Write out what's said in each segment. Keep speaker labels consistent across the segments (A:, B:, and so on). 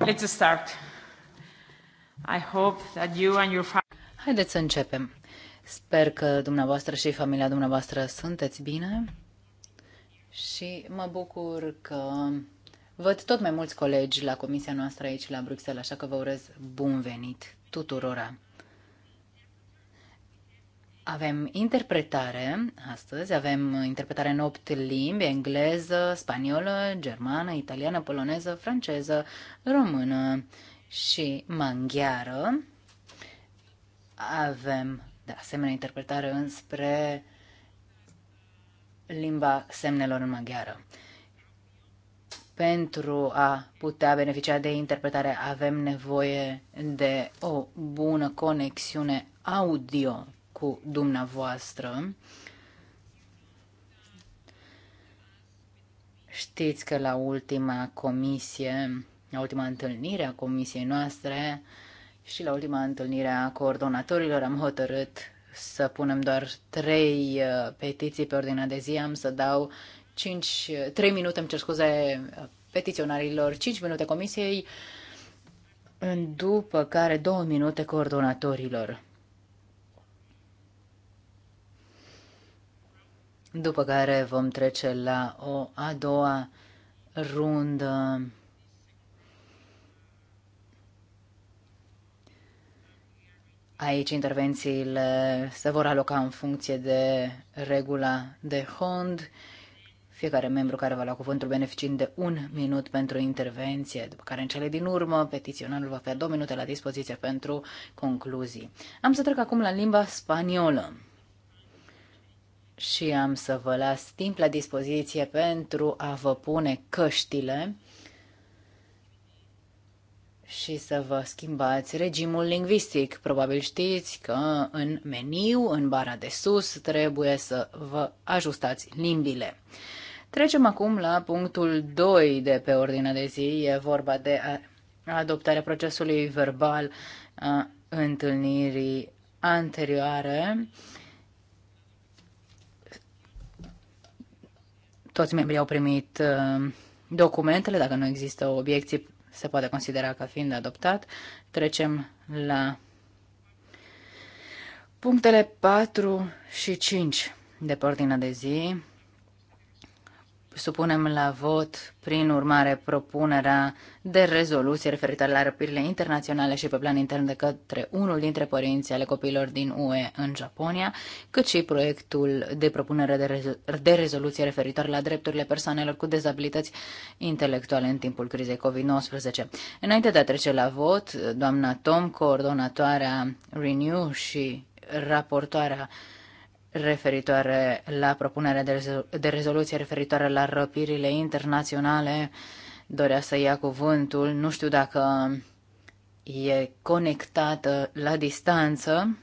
A: Let's start. I hope that you and your Haideți să începem. Sper că dumneavoastră și familia dumneavoastră sunteți bine și mă bucur că văd tot mai mulți colegi la comisia noastră aici la Bruxelles, așa că vă urez bun venit tuturora. Avem interpretare astăzi, avem interpretare în opt limbi, engleză, spaniolă, germană, italiană, poloneză, franceză, română și maghiară. Avem de asemenea interpretare înspre limba semnelor în maghiară. Pentru a putea beneficia de interpretare avem nevoie de o bună conexiune audio cu dumneavoastră. Știți că la ultima comisie, la ultima întâlnire a comisiei noastre și la ultima întâlnire a coordonatorilor am hotărât să punem doar trei uh, petiții pe ordinea de zi. Am să dau 5, 3 uh, minute, îmi cer scuze, uh, petiționarilor, 5 minute comisiei, după care 2 minute coordonatorilor. după care vom trece la o a doua rundă Aici intervențiile se vor aloca în funcție de regula de HOND. Fiecare membru care va lua cuvântul beneficiind de un minut pentru intervenție, după care în cele din urmă petiționarul va avea două minute la dispoziție pentru concluzii. Am să trec acum la limba spaniolă și am să vă las timp la dispoziție pentru a vă pune căștile și să vă schimbați regimul lingvistic. Probabil știți că în meniu, în bara de sus, trebuie să vă ajustați limbile. Trecem acum la punctul 2 de pe ordine de zi. E vorba de adoptarea procesului verbal a întâlnirii anterioare. Uh, toți membrii au primit uh, documentele, dacă nu există obiecție, se poate considera ca fiind adoptat. Trecem la punctele 4 și 5 de pe ordinea de zi supunem la vot, prin urmare, propunerea de rezoluție referitoare la răpirile internaționale și pe plan intern de către unul dintre părinții ale copiilor din UE în Japonia, cât și proiectul de propunere de, rezo- de rezoluție referitoare la drepturile persoanelor cu dezabilități intelectuale în timpul crizei COVID-19. Înainte de a trece la vot, doamna Tom, coordonatoarea Renew și raportoarea referitoare la propunerea de, rezoluție referitoare la răpirile internaționale dorea să ia cuvântul. Nu știu dacă e conectată la distanță.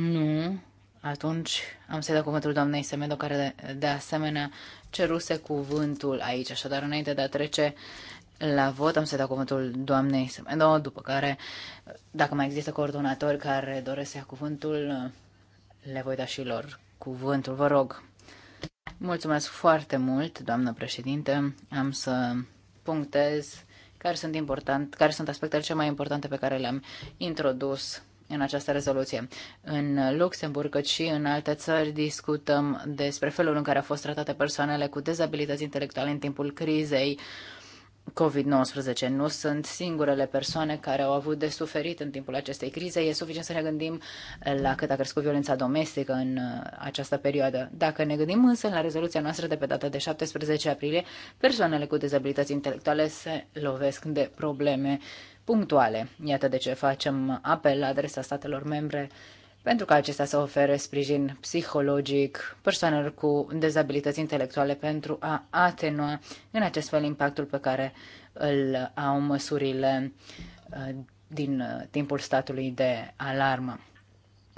A: Nu. Atunci am să-i dau cuvântul doamnei Semedo, care de, de asemenea ceruse cuvântul aici. Așadar, înainte de a trece la vot, am să-i dau cuvântul doamnei Semedo, după care, dacă mai există coordonatori care doresc să ia cuvântul, le voi da și lor cuvântul, vă rog. Mulțumesc foarte mult, doamnă președinte. Am să punctez care sunt, important, care sunt aspectele cele mai importante pe care le-am introdus în această rezoluție. În Luxemburg, cât și în alte țări, discutăm despre felul în care au fost tratate persoanele cu dezabilități intelectuale în timpul crizei. Uh, COVID-19. Nu sunt singurele persoane care au avut de suferit în timpul acestei crize. E suficient să ne gândim la cât a crescut violența domestică în uh, această perioadă. Dacă ne gândim însă la rezoluția noastră de pe data de 17 aprilie, persoanele cu dezabilități intelectuale se lovesc de probleme punctuale. Iată de ce facem apel la adresa statelor membre pentru ca acestea să ofere sprijin psihologic persoanelor cu dezabilități intelectuale pentru a atenua în acest fel impactul pe care îl au măsurile uh, din uh, timpul statului de alarmă.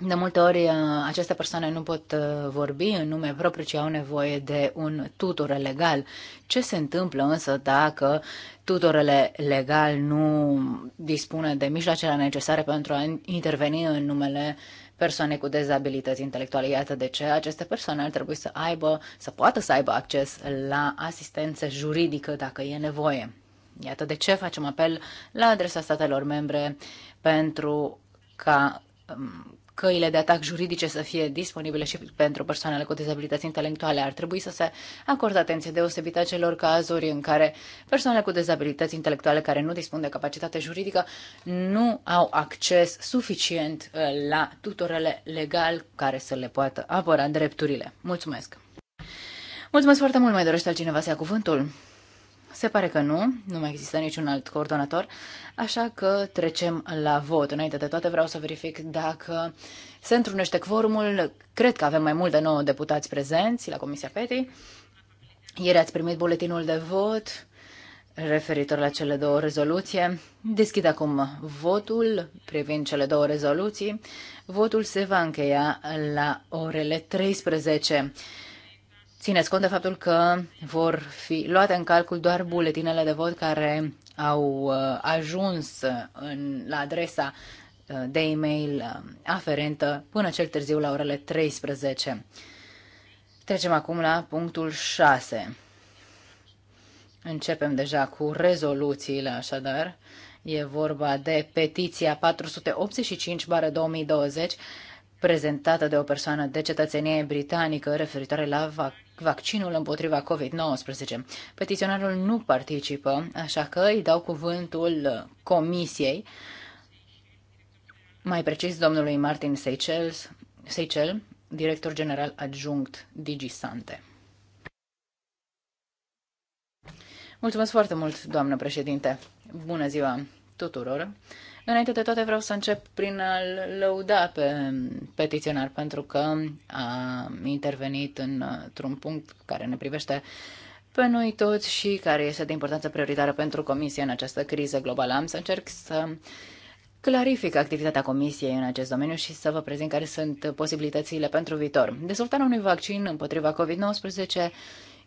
A: De multe ori uh, aceste persoane nu pot vorbi în nume propriu, ci au nevoie de un tutor legal. Ce se întâmplă însă dacă tutorele legal nu dispune de mijloacele necesare pentru a interveni în numele persoane cu dezabilități intelectuale. Iată de ce aceste persoane ar trebui să aibă, să poată să aibă acces la asistență juridică dacă e nevoie. Iată de ce facem apel la adresa statelor membre pentru ca um, căile de atac juridice să fie disponibile și pentru persoanele cu dezabilități intelectuale. Ar trebui să se acorde atenție deosebită celor cazuri în care persoanele cu dezabilități intelectuale care nu dispun de capacitate juridică nu au acces suficient uh, la tutorele legal care să le poată apăra drepturile. Mulțumesc! Mulțumesc foarte mult! Mai dorește altcineva să ia cuvântul? Se pare că nu, nu mai există niciun alt coordonator, așa că trecem la vot. Înainte de toate vreau să verific dacă se întrunește quorumul. Cred că avem mai mult de 9 deputați prezenți la Comisia PETI. Ieri ați primit buletinul de vot referitor la cele două rezoluție. Deschid acum votul privind cele două rezoluții. Votul se va încheia la orele 13. Țineți cont de faptul că vor fi luate în calcul doar buletinele de vot care au uh, ajuns în, la adresa uh, de e-mail uh, aferentă până cel târziu la orele 13. Trecem acum la punctul 6. Începem deja cu rezoluțiile, așadar. E vorba de petiția 485-2020 prezentată de o persoană de cetățenie britanică referitoare la vac vaccinul împotriva COVID-19. Petiționarul nu participă, așa că îi dau cuvântul comisiei, mai precis domnului Martin Seychelles, Seychelles director general adjunct DigiSante. Mulțumesc foarte mult, doamnă președinte. Bună ziua tuturor. Înainte de toate vreau să încep prin a-l lăuda pe petiționar pentru că a intervenit într-un punct care ne privește pe noi toți și care este de importanță prioritară pentru Comisie în această criză globală. Am să încerc să clarific activitatea Comisiei în acest domeniu și să vă prezint care sunt posibilitățile pentru viitor. Dezvoltarea unui vaccin împotriva COVID-19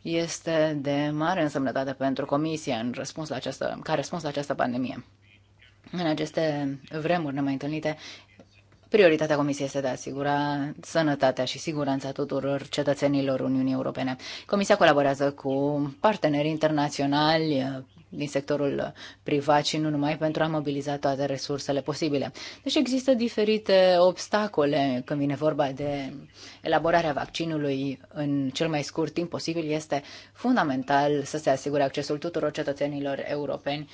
A: este de mare însemnătate pentru Comisia în răspuns la această, ca răspuns la această pandemie. În aceste vremuri nemai Prioritatea Comisiei este de a asigura sănătatea și siguranța tuturor cetățenilor Uniunii Europene. Comisia colaborează cu parteneri internaționali eh, din sectorul privat și nu numai pentru a mobiliza toate resursele posibile. Deci există diferite obstacole când vine vorba de elaborarea vaccinului în cel mai scurt timp posibil. Este fundamental să se asigure accesul tuturor cetățenilor europeni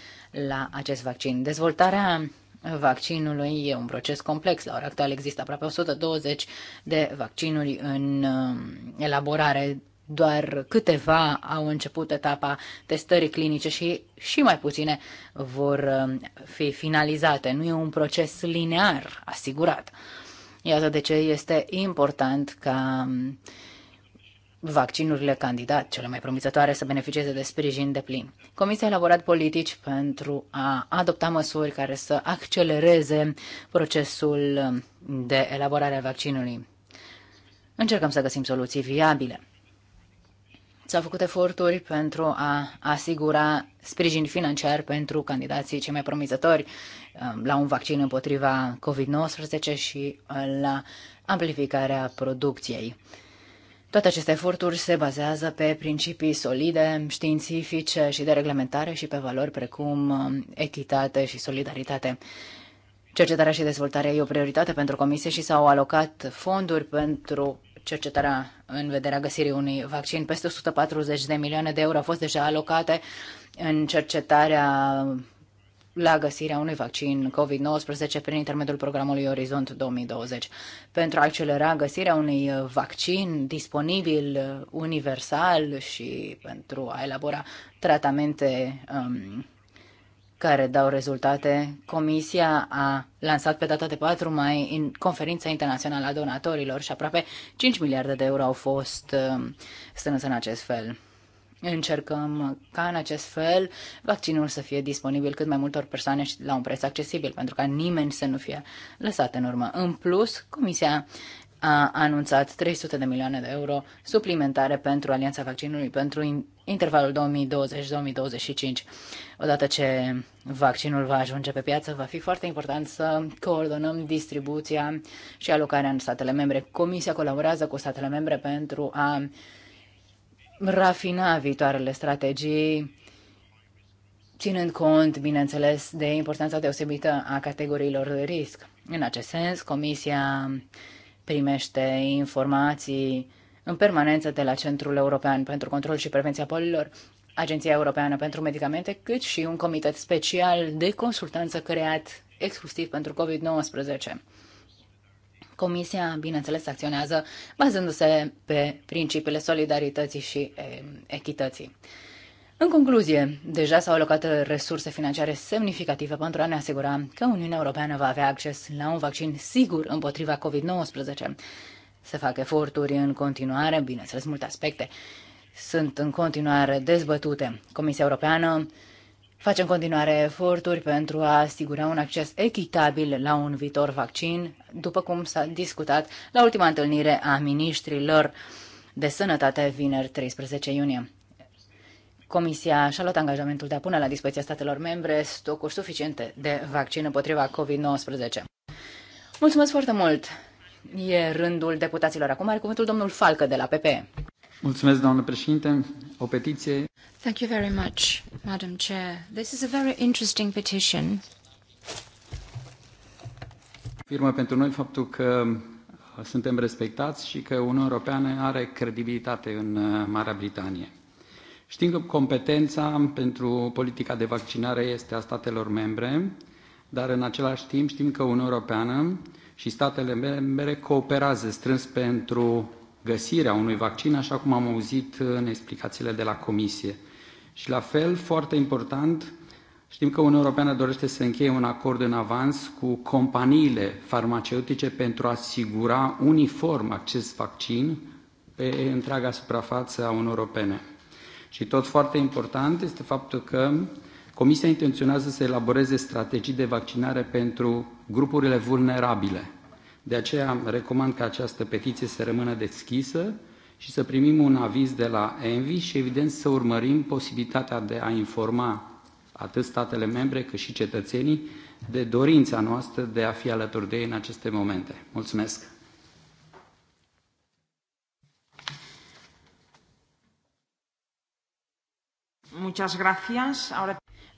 A: la acest vaccin. Dezvoltarea vaccinului. E un proces complex. La ora actuală există aproape 120 de vaccinuri în um, elaborare. Doar câteva au început etapa testării clinice și și mai puține vor um, fi finalizate. Nu e un proces linear asigurat. Iată de ce este important ca uh, vaccinurile candidat, cele mai promițătoare, să beneficieze de sprijin de plin. Comisia a elaborat politici pentru a adopta măsuri care să accelereze procesul de elaborare a vaccinului. Încercăm să găsim soluții viabile. S-au făcut eforturi pentru a asigura sprijin financiar pentru candidații cei mai promizători um, la un vaccin împotriva COVID-19 și la amplificarea producției. Toate aceste eforturi se bazează pe principii solide, științifice și de reglementare și pe valori precum um, echitate și solidaritate. Cercetarea și dezvoltarea e o prioritate pentru Comisie și s-au alocat fonduri pentru cercetarea în vederea găsirii unui vaccin. Peste 140 de milioane de euro au fost deja alocate în cercetarea la găsirea unui vaccin COVID-19 prin intermediul programului Orizont 2020. Pentru a accelera găsirea unui uh, vaccin disponibil uh, universal și pentru a elabora tratamente um, care dau rezultate, Comisia a lansat pe data de 4 mai în conferința internațională a donatorilor și aproape 5 miliarde de euro au fost um, strânse în acest fel. Încercăm ca în acest fel vaccinul să fie disponibil cât mai multor persoane și la un preț accesibil, pentru ca nimeni să nu fie lăsat în urmă. În plus, Comisia a anunțat 300 de milioane de euro suplimentare pentru Alianța Vaccinului pentru intervalul 2020-2025. Odată ce vaccinul va ajunge pe piață, va fi foarte important să coordonăm distribuția și alocarea în statele membre. Comisia colaborează cu statele membre pentru a rafina viitoarele strategii, ținând cont, bineînțeles, de importanța deosebită a categoriilor de risc. În acest sens, Comisia primește informații în permanență de la Centrul European pentru Control și Prevenția Bolilor, Agenția Europeană pentru Medicamente, cât și un comitet special de consultanță creat exclusiv pentru COVID-19. Comisia, bineînțeles, acționează bazându-se pe principiile solidarității și echității. În concluzie, deja s-au alocat resurse financiare semnificative pentru a ne asigura că Uniunea Europeană va avea acces la un vaccin sigur împotriva COVID-19. Se fac eforturi în continuare, bineînțeles, multe aspecte sunt în continuare dezbătute. Comisia Europeană Face în continuare eforturi pentru a asigura un acces echitabil la un viitor vaccin, după cum s-a discutat la ultima întâlnire a ministrilor de sănătate vineri 13 iunie. Comisia și-a luat angajamentul de a pune la dispoziția statelor membre stocuri suficiente de vaccin împotriva COVID-19. Mulțumesc foarte mult! E rândul deputaților. Acum are cuvântul domnul Falcă de la PPE.
B: Mulțumesc, doamnă președinte. O petiție.
C: Thank you very much, Madam Chair. This is a very interesting petition.
B: Firmă pentru noi faptul că uh, suntem respectați și că Uniunea Europeană are credibilitate în uh, Marea Britanie. Știm că competența pentru politica de vaccinare este a statelor membre, dar în același timp știm că Uniunea Europeană și statele membre cooperează strâns pentru găsirea unui vaccin, așa cum am auzit în explicațiile de la Comisie. Și la fel, foarte important, știm că Uniunea Europeană dorește să încheie un acord în avans cu companiile farmaceutice pentru a asigura uniform acest vaccin pe întreaga suprafață a Uniunii Europene. Și tot foarte important este faptul că Comisia intenționează să elaboreze strategii de vaccinare pentru grupurile vulnerabile, de aceea recomand ca această petiție să rămână deschisă și să primim un aviz de la ENVI și evident să urmărim posibilitatea de a informa atât statele membre cât și cetățenii de dorința noastră de a fi alături de ei în aceste momente. Mulțumesc!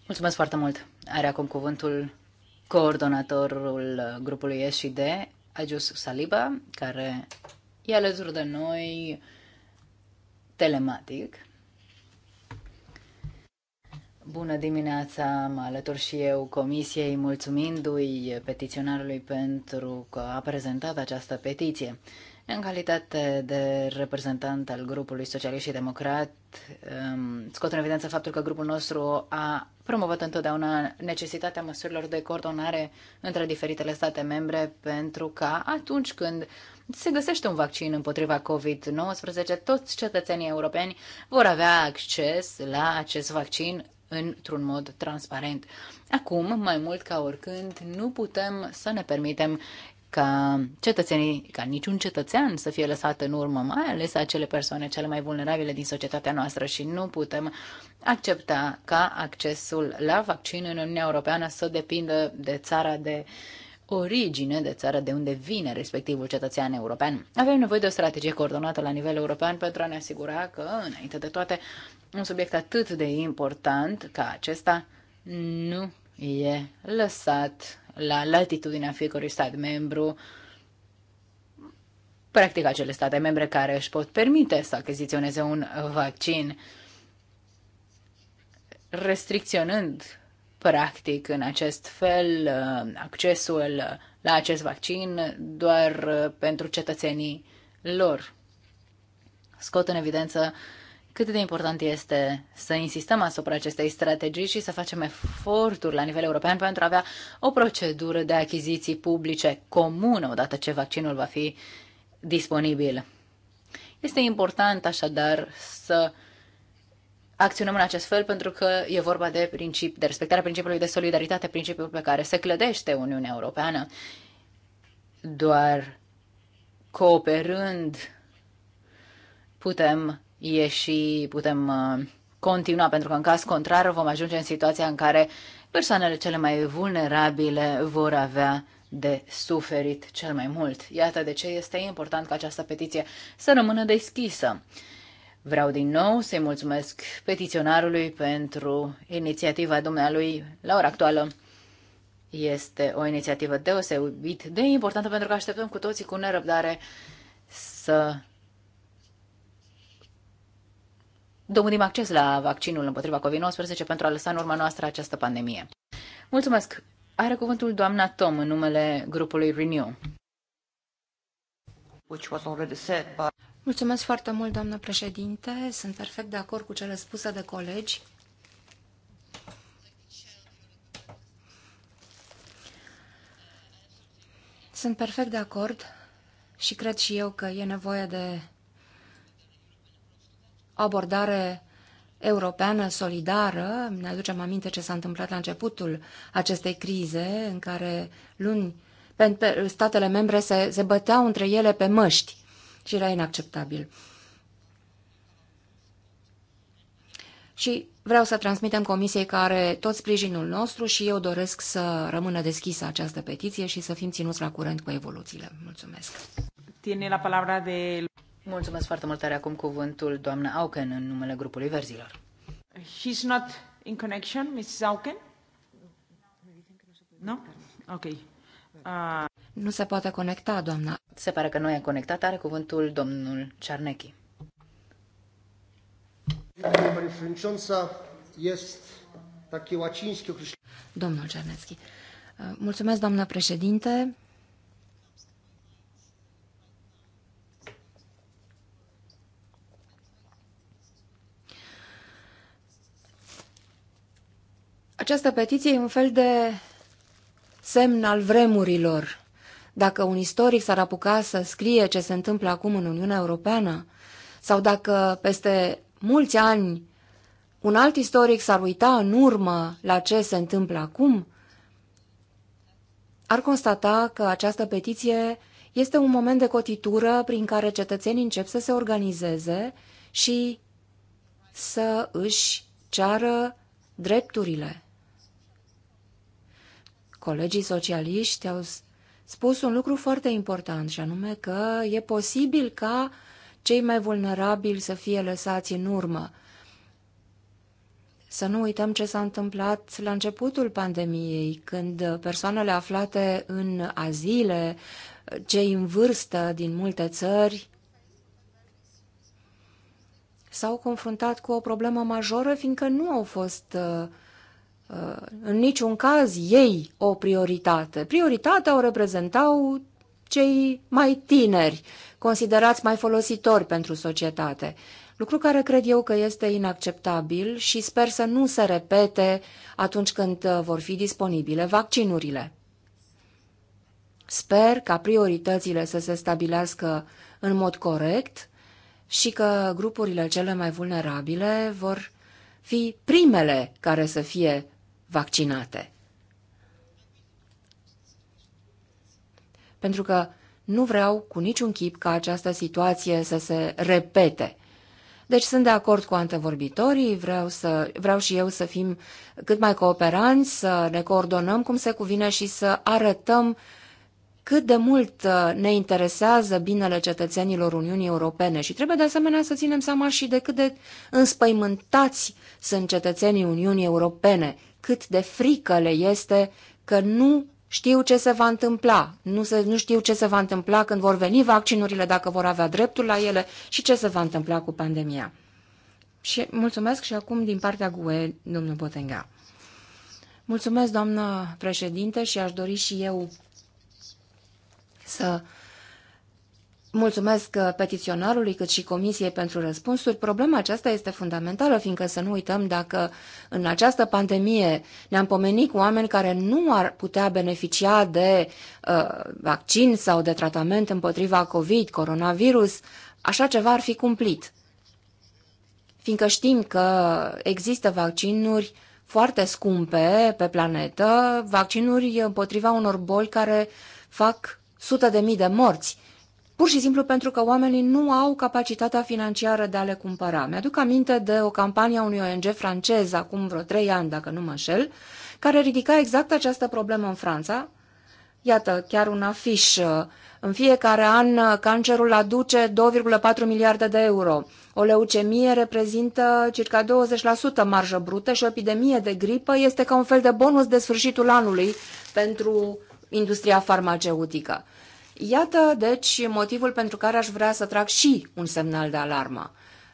D: Mulțumesc
A: foarte mult. Are acum cuvântul coordonatorul grupului SID, Ajus Saliba, care e alături de noi telematic. Bună dimineața, mă alătur și eu comisiei, mulțumindu-i petiționarului pentru că a prezentat această petiție. În calitate de reprezentant al grupului socialist și democrat, scot în evidență faptul că grupul nostru a promovat întotdeauna necesitatea măsurilor de coordonare între diferitele state membre pentru ca atunci când se găsește un vaccin împotriva COVID-19, toți cetățenii europeni vor avea acces la acest vaccin într-un mod transparent. Acum, mai mult ca oricând, nu putem să ne permitem ca cetățenii, ca niciun cetățean să fie lăsat în urmă, mai ales acele persoane cele mai vulnerabile din societatea noastră și nu putem accepta ca accesul la vaccin în Uniunea Europeană să depindă de țara de origine, de țara de unde vine respectivul cetățean european. Avem nevoie de o strategie coordonată la nivel european pentru a ne asigura că, înainte de toate, un subiect atât de important ca acesta nu e lăsat la latitudinea fiecărui stat membru, practic acele state membre care își pot permite să achiziționeze un vaccin, restricționând practic în acest fel uh, accesul la acest vaccin doar uh, pentru cetățenii lor. Scot în evidență cât de important este să insistăm asupra acestei strategii și să facem eforturi la nivel european pentru a avea o procedură de achiziții publice comună odată ce vaccinul va fi disponibil. Este important așadar să acționăm în acest fel pentru că e vorba de, principi, de respectarea principiului de solidaritate, principiul pe care se clădește Uniunea Europeană. Doar cooperând putem ieși, putem uh, continua, pentru că în caz contrar vom ajunge în situația în care persoanele cele mai vulnerabile vor avea de suferit cel mai mult. Iată de ce este important ca această petiție să rămână deschisă. Vreau din nou să-i mulțumesc petiționarului pentru inițiativa dumnealui la ora actuală. Este o inițiativă deosebit de importantă pentru că așteptăm cu toții cu nerăbdare să domânim acces la vaccinul împotriva COVID-19 pentru a lăsa în urma noastră această pandemie. Mulțumesc! Are cuvântul doamna Tom în numele grupului Renew.
C: Mulțumesc foarte mult, doamnă președinte. Sunt perfect de acord cu cele spuse de colegi. Sunt perfect de acord și cred și eu că e nevoie de abordare europeană solidară. Ne aducem aminte ce s-a întâmplat la începutul acestei crize, în care luni statele membre se, se băteau între ele pe măști și era inacceptabil. Și vreau să transmitem comisiei care tot sprijinul nostru și eu doresc să rămână deschisă această petiție și să fim ținuți la curent cu evoluțiile. Mulțumesc.
A: Tiene la palabra de Mulțumesc foarte mult. Are acum cuvântul doamna Auken în numele grupului Verzilor.
D: He's not in connection, Mrs. Auken? No? Ok. Uh... Nu se poate
A: conecta, doamna. Se pare că nu e conectat. Are cuvântul domnul Cernechi.
C: Domnul Cernechi, uh, Mulțumesc, doamna președinte. Această petiție e un fel de semn al vremurilor. Dacă un istoric s-ar apuca să scrie ce se întâmplă acum în Uniunea Europeană, sau dacă peste mulți ani un alt istoric s-ar uita în urmă la ce se întâmplă acum, ar constata că această petiție este un moment de cotitură prin care cetățenii încep să se organizeze și să își ceară drepturile. Colegii socialiști au spus un lucru foarte important și anume că e posibil ca cei mai vulnerabili să fie lăsați în urmă. Să nu uităm ce s-a întâmplat la începutul pandemiei, când persoanele aflate în azile, cei în vârstă din multe țări, s-au confruntat cu o problemă majoră, fiindcă nu au fost uh, Uh, în niciun caz ei o prioritate. Prioritatea o reprezentau cei mai tineri, considerați mai folositori pentru societate. Lucru care cred eu că este inacceptabil și sper să nu se repete atunci când uh, vor fi disponibile vaccinurile. Sper ca prioritățile să se stabilească în mod corect și că grupurile cele mai vulnerabile vor fi primele care să fie vaccinate. Pentru că nu vreau cu niciun chip ca această situație să se repete. Deci sunt de acord cu antevorbitorii, vreau, să, vreau și eu să fim cât mai cooperanți, să ne coordonăm cum se cuvine și să arătăm cât de mult uh, ne interesează binele cetățenilor Uniunii Europene și trebuie de asemenea să ținem seama și de cât de înspăimântați sunt cetățenii Uniunii Europene cât de frică le este că nu știu ce se va întâmpla, nu, se, nu știu ce se va întâmpla când vor veni vaccinurile, dacă vor avea dreptul la ele și ce se va întâmpla cu pandemia. Și mulțumesc și acum din partea GUE, domnul Botenga. Mulțumesc, doamnă președinte, și aș dori și eu să Mulțumesc uh, petiționarului cât și Comisiei pentru răspunsuri. Problema aceasta este fundamentală, fiindcă să nu uităm dacă în această pandemie ne-am pomenit cu oameni care nu ar putea beneficia de uh, vaccin sau de tratament împotriva COVID, coronavirus, așa ceva ar fi cumplit. Fiindcă știm că există vaccinuri foarte scumpe pe planetă, vaccinuri împotriva unor boli care fac sute de mii de morți pur și simplu pentru că oamenii nu au capacitatea financiară de a le cumpăra. Mi-aduc aminte de o campanie a unui ONG francez acum vreo trei ani, dacă nu mă înșel, care ridica exact această problemă în Franța. Iată, chiar un afiș. În fiecare an, cancerul aduce 2,4 miliarde de euro. O leucemie reprezintă circa 20% marjă brută și o epidemie de gripă este ca un fel de bonus de sfârșitul anului pentru industria farmaceutică. Iată, deci, motivul pentru care aș vrea să trag și un semnal de alarmă.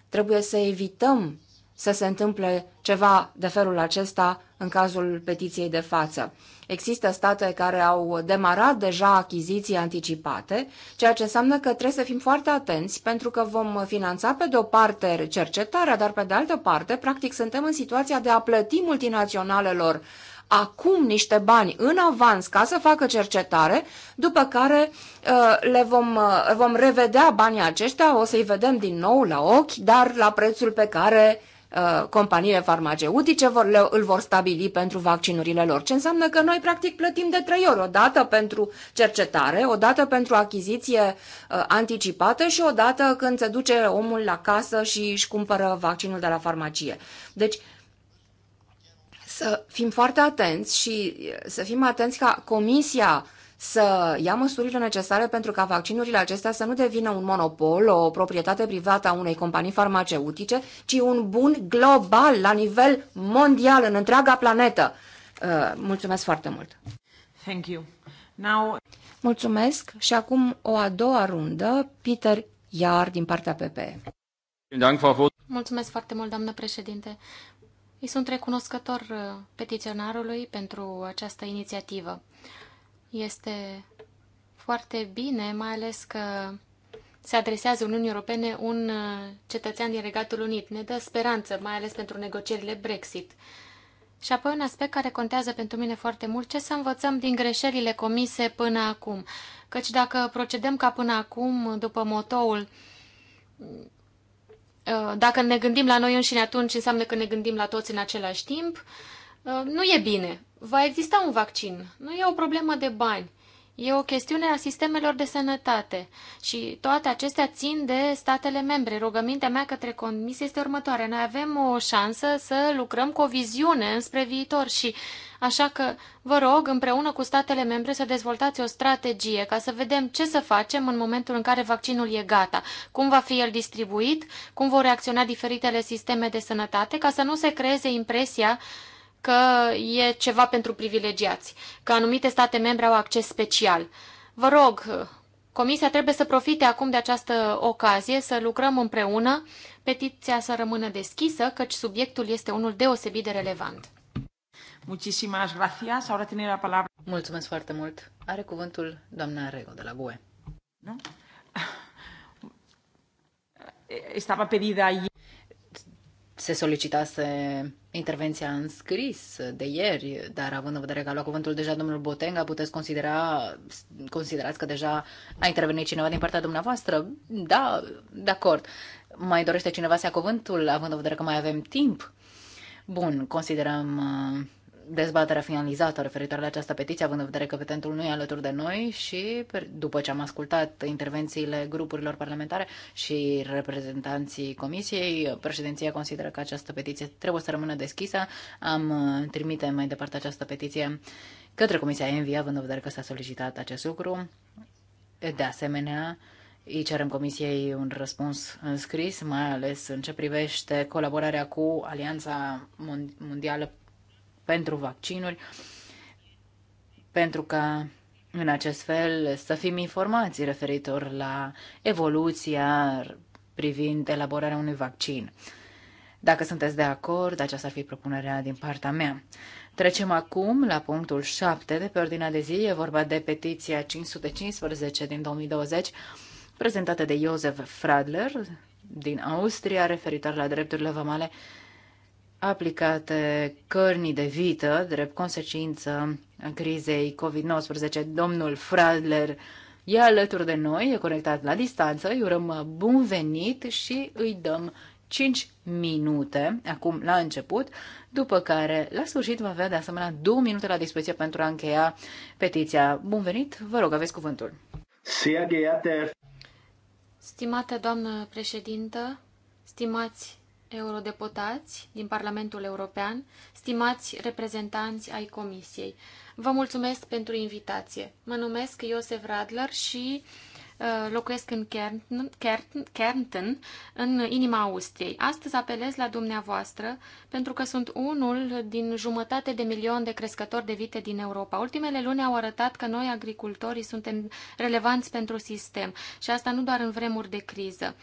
C: Trebuie să evităm să se întâmple ceva de felul acesta în cazul petiției de față. Există state care au demarat deja achiziții anticipate, ceea ce înseamnă că trebuie să fim foarte atenți pentru că vom finanța pe de o parte cercetarea, dar pe de altă parte, practic, suntem în situația de a plăti multinaționalelor acum niște bani în avans ca să facă cercetare, după care uh, le vom, uh, vom revedea banii aceștia, o să-i vedem din nou la ochi, dar la prețul pe care uh, companiile farmaceutice vor, le, îl vor stabili pentru vaccinurile lor. Ce înseamnă că noi practic plătim de trei ori, o dată pentru cercetare, o dată pentru achiziție anticipată și o dată când se duce omul la casă și își cumpără vaccinul de la farmacie. Deci să fim foarte atenți și eh, să fim atenți ca Comisia să ia măsurile necesare pentru ca vaccinurile acestea să nu devină un monopol, o proprietate privată a unei companii farmaceutice, ci un bun global, la nivel mondial, în întreaga planetă. Eh, mulțumesc foarte mult! Thank you. Now... Mulțumesc și acum o a doua rundă, Peter Iar din partea PPE.
E: Mulțumesc foarte mult, doamnă președinte. Îi sunt recunoscător uh, petiționarului pentru această inițiativă. Este foarte bine, mai ales că se adresează Uniunii Europene un uh, cetățean din Regatul Unit. Ne dă speranță, mai ales pentru negocierile Brexit. Și apoi un aspect care contează pentru mine foarte mult, ce să învățăm din greșelile comise până acum. Căci dacă procedăm ca până acum, după motoul Uh, dacă ne gândim la noi înșine, atunci înseamnă că ne gândim la toți în același timp. Uh, nu e bine. Va exista un vaccin. Nu e o problemă de bani. E o chestiune a sistemelor de sănătate și toate acestea țin de statele membre. Rugămintea mea către comisie este următoarea. Noi avem o șansă să lucrăm cu o viziune înspre viitor și așa că vă rog împreună cu statele membre să dezvoltați o strategie ca să vedem ce să facem în momentul în care vaccinul e gata, cum va fi el distribuit, cum vor reacționa diferitele sisteme de sănătate ca să nu se creeze impresia uh, că e ceva pentru privilegiați, că anumite state membre au acces special. Vă rog, Comisia trebuie să profite acum de această ocazie, să lucrăm împreună, petiția să rămână deschisă, căci subiectul este unul deosebit de relevant.
D: Muchísimas gracias. Ahora tiene la palabra. Mulțumesc foarte mult. Are cuvântul doamna Rego de la GUE. Nu? Estaba pedida
A: Se solicitase intervenția în scris de ieri, dar având în vedere că a luat cuvântul deja domnul Botenga, puteți considera, considerați că deja a intervenit cineva din partea dumneavoastră? Da, de acord. Mai dorește cineva să ia cuvântul, având în vedere că mai avem timp? Bun, considerăm uh, dezbaterea finalizată referitoare la această petiție, având în vedere că petentul nu e alături de noi și după ce am ascultat intervențiile grupurilor parlamentare și reprezentanții comisiei, președinția consideră că această petiție trebuie să rămână deschisă. Am uh, trimite mai departe această petiție către Comisia Envi, având în vedere că s-a solicitat acest lucru. De asemenea, îi cerem Comisiei un răspuns înscris, mai ales în ce privește colaborarea cu Alianța Mondială pentru vaccinuri, pentru ca în acest fel să fim informați referitor la evoluția privind elaborarea unui vaccin. Dacă sunteți de acord, aceasta ar fi propunerea din partea mea. Trecem acum la punctul 7 de pe ordinea de zi. E vorba de petiția 515 din 2020, prezentată de Josef Fradler din Austria, referitor la drepturile vamale aplicate cărnii de vită, drept consecință a crizei COVID-19. Domnul Fradler e alături de noi, e conectat la distanță, îi urăm bun venit și îi dăm 5 minute, acum la început, după care la sfârșit va avea de asemenea 2 minute la dispoziție pentru a încheia petiția. Bun venit, vă rog, aveți cuvântul.
E: Stimate doamnă președintă, stimați eurodeputați din Parlamentul European, stimați reprezentanți ai Comisiei. Vă mulțumesc pentru invitație. Mă numesc Iosef Radler și uh, locuiesc în Kärnten, Kärnten, în inima Austriei. Astăzi apelez la dumneavoastră pentru că sunt unul din jumătate de milion de crescători de vite din Europa. Ultimele luni au arătat că noi, agricultorii, suntem relevanți pentru sistem și asta nu doar în vremuri de criză.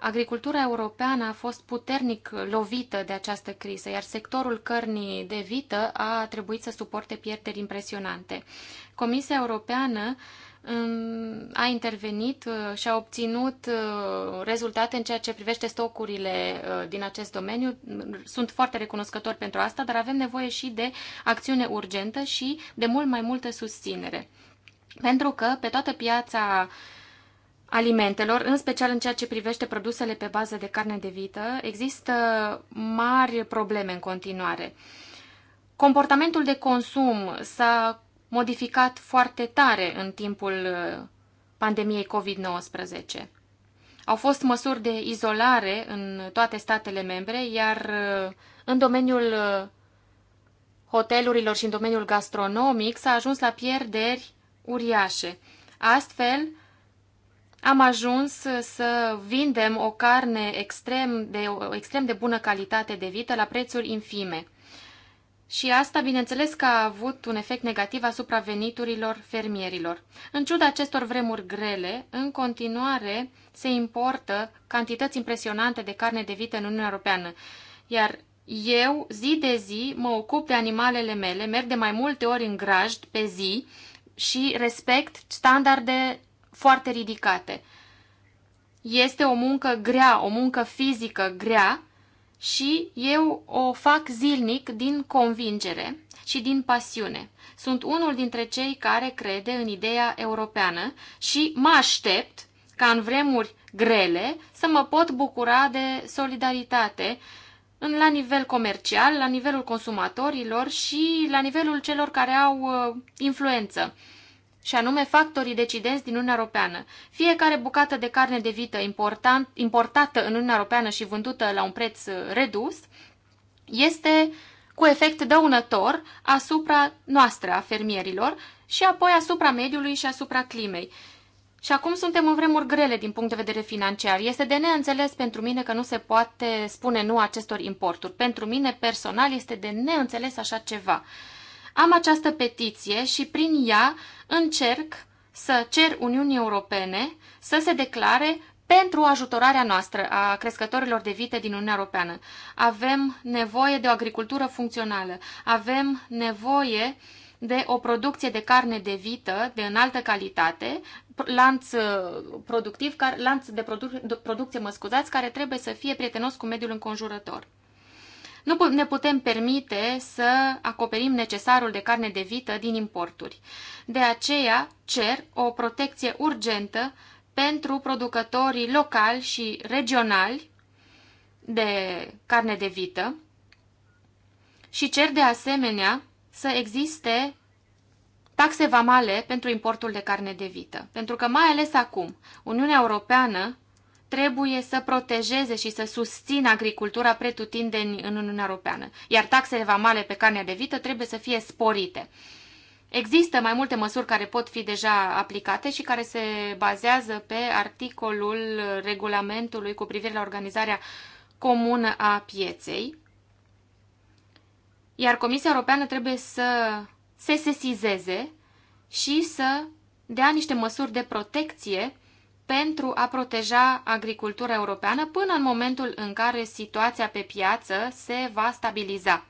E: Agricultura europeană a fost puternic lovită de această criză, iar sectorul cărnii de vită a trebuit să suporte pierderi impresionante. Comisia Europeană a intervenit uh, și a obținut uh, rezultate în ceea ce privește stocurile uh, din acest domeniu. Sunt foarte recunoscători pentru asta, dar avem nevoie și de acțiune urgentă și de mult mai multă susținere. Pentru că pe toată piața uh, alimentelor, în special în ceea ce privește produsele pe bază de carne de vită, există mari probleme în continuare. Comportamentul de consum s-a modificat foarte tare în timpul uh, pandemiei COVID-19. Au fost măsuri de izolare în toate statele membre, iar uh, în domeniul uh, hotelurilor și în domeniul gastronomic s-a ajuns la pierderi uriașe. Astfel, am ajuns să vindem o carne extrem de, extrem de bună calitate de vită la prețuri infime. Și asta, bineînțeles, că a avut un efect negativ asupra veniturilor fermierilor. În ciuda acestor vremuri grele, în continuare se importă cantități impresionante de carne de vită în Uniunea Europeană. Iar eu, zi de zi, mă ocup de animalele mele, merg de mai multe ori în grajd pe zi și respect standarde foarte ridicate. Este o muncă grea, o muncă fizică grea și eu o fac zilnic din convingere și din pasiune. Sunt unul dintre cei care crede în ideea europeană și mă aștept ca în vremuri grele să mă pot bucura de solidaritate în, la nivel comercial, la nivelul consumatorilor și la nivelul celor care au uh, influență și anume factorii decidenți din Uniunea Europeană. Fiecare bucată de carne de vită important, importată în Uniunea Europeană și vândută la un preț uh, redus este cu efect dăunător asupra noastră, a fermierilor, și apoi asupra mediului și asupra climei. Și acum suntem în vremuri grele din punct de vedere financiar. Este de neînțeles pentru mine că nu se poate spune nu acestor importuri. Pentru mine personal este de neînțeles așa ceva. Am această petiție și prin ea încerc să cer Uniunii Europene să se declare pentru ajutorarea noastră a crescătorilor de vite din Uniunea Europeană. Avem nevoie de o agricultură funcțională, avem nevoie de o producție de carne de vită de înaltă calitate, lanț uh, productiv, lanț de produ- producție, mă scuzați, care trebuie să fie prietenos cu mediul înconjurător. Nu ne putem permite să acoperim necesarul de carne de vită din importuri. De aceea cer o protecție urgentă pentru producătorii locali și regionali de carne de vită și cer de asemenea să existe taxe vamale pentru importul de carne de vită. Pentru că mai ales acum Uniunea Europeană trebuie să protejeze și să susțină agricultura pretutindeni în Uniunea Europeană, iar taxele vamale pe carnea de vită trebuie să fie sporite. Există mai multe măsuri care pot fi deja aplicate și care se bazează pe articolul regulamentului cu privire la organizarea comună a pieței, iar Comisia Europeană trebuie să se sesizeze și să dea niște măsuri de protecție pentru a proteja agricultura europeană până în momentul în care situația pe piață se va stabiliza.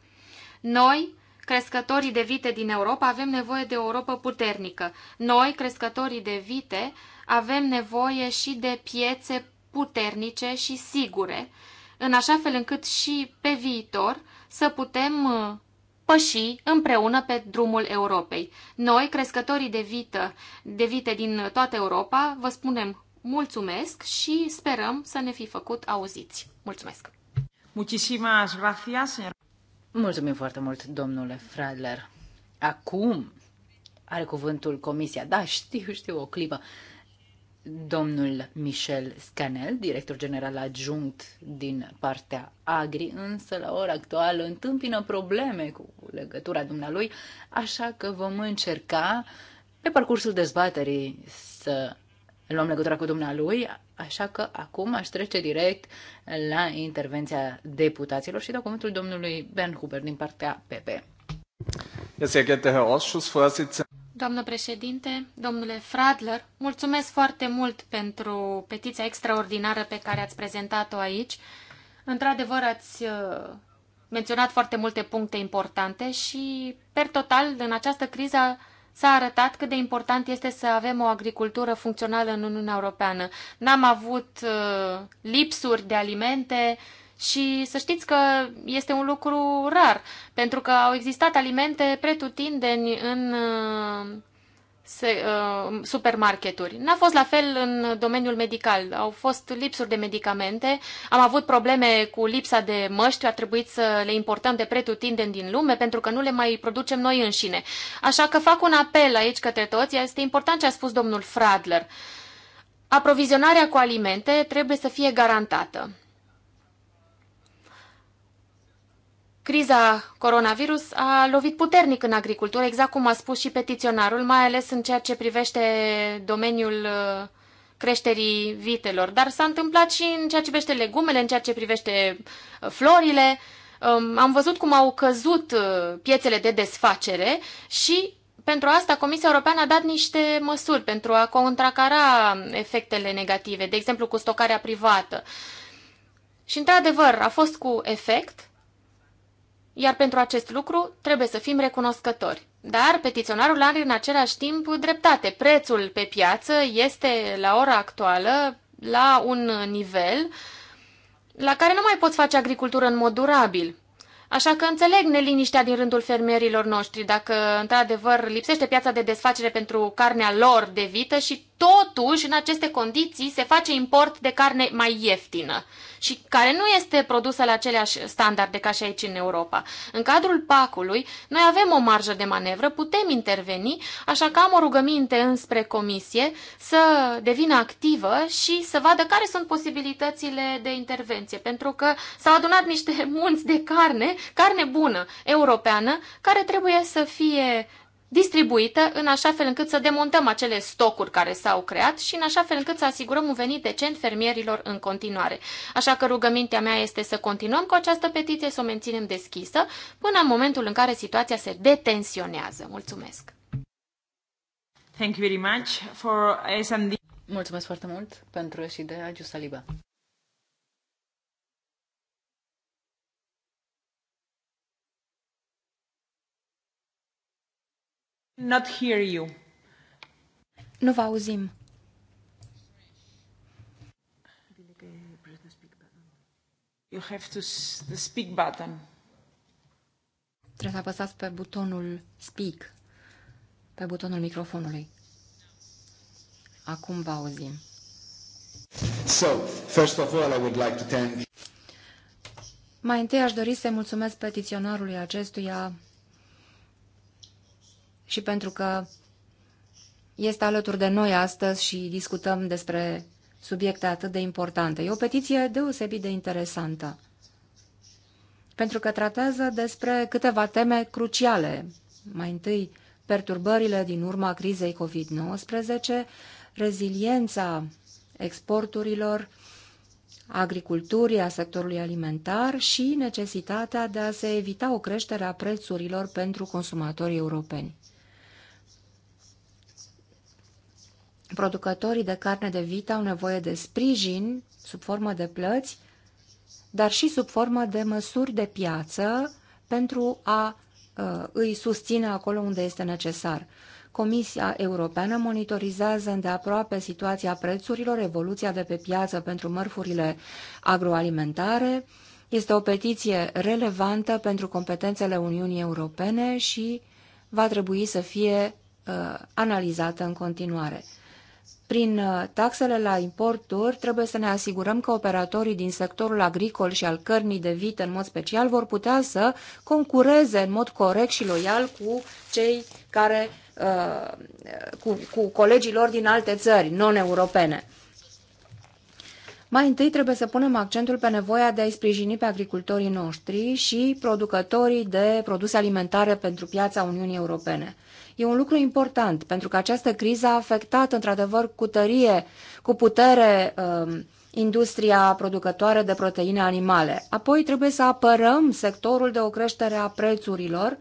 E: Noi, crescătorii de vite din Europa, avem nevoie de o Europa puternică. Noi, crescătorii de vite, avem nevoie și de piețe puternice și sigure, în așa fel încât și pe viitor să putem uh, păși împreună pe drumul Europei. Noi, crescătorii de, vită, de vite din toată Europa, vă spunem mulțumesc și sperăm să ne fi făcut auziți. Mulțumesc!
D: Muchísimas gracias, señor. Mulțumim foarte mult, domnule Fradler.
A: Acum are cuvântul comisia. Da, știu, știu, o clipă. Domnul Michel Scanel, director general adjunct din partea Agri, însă la ora actuală întâmpină probleme cu legătura dumnealui, așa că vom încerca pe parcursul dezbaterii să luăm legătura cu dumnealui, așa că acum aș trece direct la intervenția deputaților și documentul domnului Ben Huber din partea PP.
E: Doamnă președinte, domnule Fradler, mulțumesc foarte mult pentru petiția extraordinară pe care ați prezentat-o aici. Într-adevăr, ați uh, menționat foarte multe puncte importante și, per total, în această criză s-a arătat cât de important este să avem o agricultură funcțională în Uniunea Europeană. N-am avut uh, lipsuri de alimente și să știți că este un lucru rar, pentru că au existat alimente pretutindeni în uh, se, uh, supermarketuri. N-a fost la fel în domeniul medical. Au fost lipsuri de medicamente, am avut probleme cu lipsa de măști, a trebuit să le importăm de pretutindeni din lume pentru că nu le mai producem noi înșine. Așa că fac un apel aici către toți, este important ce a spus domnul Fradler. Aprovizionarea cu alimente trebuie să fie garantată. Criza coronavirus a lovit puternic în agricultură, exact cum a spus și petiționarul, mai ales în ceea ce privește domeniul uh, creșterii vitelor. Dar s-a întâmplat și în ceea ce privește legumele, în ceea ce privește uh, florile. Um, am văzut cum au căzut uh, piețele de desfacere și pentru asta Comisia Europeană a dat niște măsuri pentru a contracara efectele negative, de exemplu cu stocarea privată. Și într-adevăr a fost cu efect, iar pentru acest lucru trebuie să fim recunoscători. Dar petiționarul are în același timp dreptate. Prețul pe piață este la ora actuală la un nivel la care nu mai poți face agricultură în mod durabil. Așa că înțeleg neliniștea din rândul fermierilor noștri dacă, într-adevăr, lipsește piața de desfacere pentru carnea lor de vită și, totuși, în aceste condiții, se face import de carne mai ieftină și care nu este produsă la aceleași standarde ca și aici în Europa. În cadrul PAC-ului, noi avem o marjă de manevră, putem interveni, așa că am o rugăminte înspre comisie să devină activă și să vadă care sunt posibilitățile de intervenție, pentru că s-au adunat niște munți de carne, carne bună, europeană, care trebuie să fie distribuită în așa fel încât să demontăm acele stocuri care s-au creat și în așa fel încât să asigurăm un venit decent fermierilor în continuare. Așa că rugămintea mea este să continuăm cu această petiție, să o menținem deschisă până în momentul în care situația se detensionează. Mulțumesc!
D: Thank you very much for SMD. Mulțumesc foarte mult pentru și de Agiu Saliba. Not hear you.
C: Nu vă auzim. You have to the speak button. Trebuie să apăsați pe butonul speak, pe butonul microfonului. Acum vă auzim.
D: So, first of all, I would like to thank...
C: Mai întâi aș dori să mulțumesc petiționarului acestuia și pentru că este alături de noi astăzi și discutăm despre subiecte atât de importante. E o petiție deosebit de interesantă, pentru că tratează despre câteva teme cruciale. Mai întâi, perturbările din urma crizei COVID-19, reziliența exporturilor, agriculturii, a sectorului alimentar și necesitatea de a se evita o creștere a prețurilor pentru consumatorii europeni. producătorii de carne de vită au nevoie de sprijin sub formă de plăți, dar și sub formă de măsuri de piață pentru a uh, îi susține acolo unde este necesar. Comisia Europeană monitorizează îndeaproape situația prețurilor, evoluția de pe piață pentru mărfurile agroalimentare. Este o petiție relevantă pentru competențele Uniunii Europene și va trebui să fie uh, analizată în continuare. Prin uh, taxele la importuri trebuie să ne asigurăm că operatorii din sectorul agricol și al cărnii de vită în mod special vor putea să concureze în mod corect și loial cu cei care uh, cu, cu colegii lor din alte țări non-europene. Mai întâi trebuie să punem accentul pe nevoia de a-i sprijini pe agricultorii noștri și producătorii de produse alimentare pentru piața Uniunii Europene. E un lucru important, pentru că această criză a afectat într-adevăr cu tărie, cu putere um, industria producătoare de proteine animale. Apoi trebuie să apărăm sectorul de o creștere a prețurilor,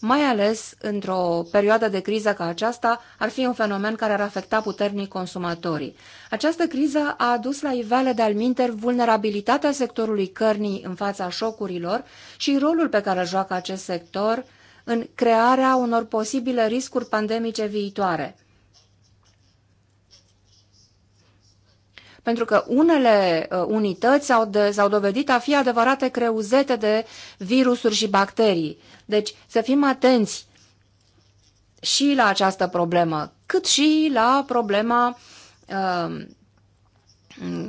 C: mai ales într-o perioadă de criză ca aceasta, ar fi un fenomen care ar afecta puternic consumatorii. Această criză a adus la iveală de alminter vulnerabilitatea sectorului cărnii în fața șocurilor și rolul pe care îl joacă acest sector în crearea unor posibile riscuri pandemice viitoare. Pentru că unele uh, unități s-au, dovedit a fi adevărate creuzete de virusuri și bacterii. Deci să fim atenți și la această problemă, cât și la problema uh,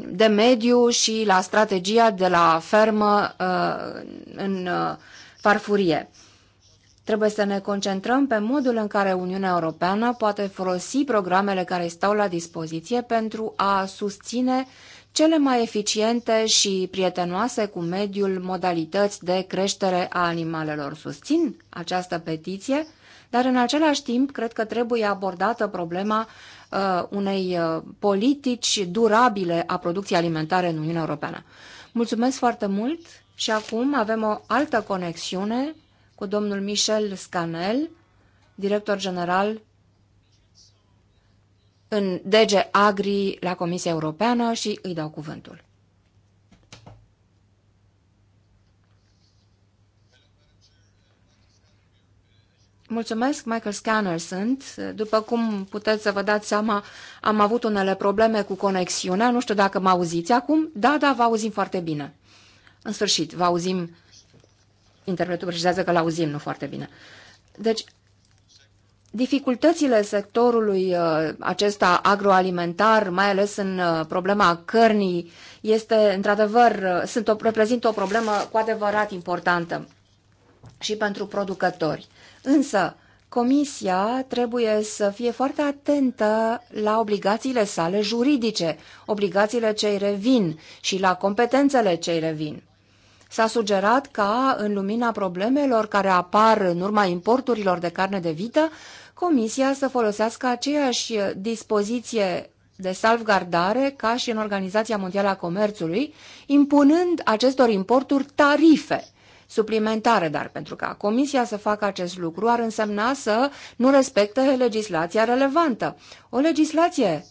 C: de mediu și la strategia de la fermă uh, în farfurie. Trebuie să ne concentrăm pe modul în care Uniunea Europeană poate folosi programele care stau la dispoziție pentru a susține cele mai eficiente și prietenoase cu mediul modalități de creștere a animalelor. Susțin această petiție, dar în același timp cred că trebuie abordată problema uh, unei uh, politici durabile a producției alimentare în Uniunea Europeană. Mulțumesc foarte mult și acum avem o altă conexiune cu domnul Michel Scanel, director general în DG Agri la Comisia Europeană și îi dau cuvântul. Mulțumesc, Michael Scanner sunt. După cum puteți să vă dați seama, am avut unele probleme cu conexiunea. Nu știu dacă mă auziți acum. Da, da, vă auzim foarte bine. În sfârșit, vă auzim Interpretul precizează că l-auzim, nu foarte bine. Deci, dificultățile sectorului uh, acesta agroalimentar, mai ales în uh, problema cărnii, este într-adevăr, uh, sunt o, reprezintă o problemă cu adevărat importantă și pentru producători. Însă, Comisia trebuie să fie foarte atentă la obligațiile sale juridice, obligațiile ce revin și la competențele ce revin. S-a sugerat ca, în lumina problemelor care apar în urma importurilor de carne de vită, Comisia să folosească aceeași dispoziție de salvgardare ca și în Organizația Mondială a Comerțului, impunând acestor importuri tarife suplimentare, dar pentru ca Comisia să facă acest lucru ar însemna să nu respecte legislația relevantă. O legislație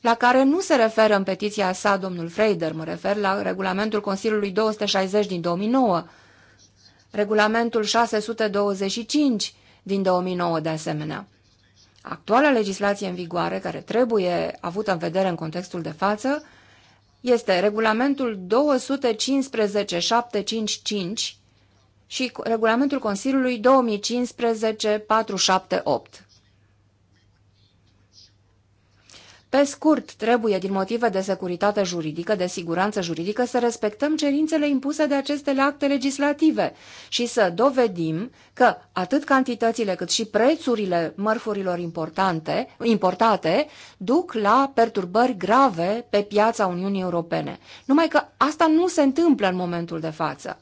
C: la care nu se referă în petiția sa domnul Freider, mă refer la regulamentul Consiliului 260 din 2009, regulamentul 625 din 2009 de asemenea. Actuala legislație în vigoare, care trebuie avută în vedere în contextul de față, este regulamentul 215.755 și regulamentul Consiliului 2015.478. Pe scurt, trebuie, din motive de securitate juridică, de siguranță juridică, să respectăm cerințele impuse de aceste acte legislative și să dovedim că atât cantitățile cât și prețurile mărfurilor importante, importate duc la perturbări grave pe piața Uniunii Europene. Numai că asta nu se întâmplă în momentul de față.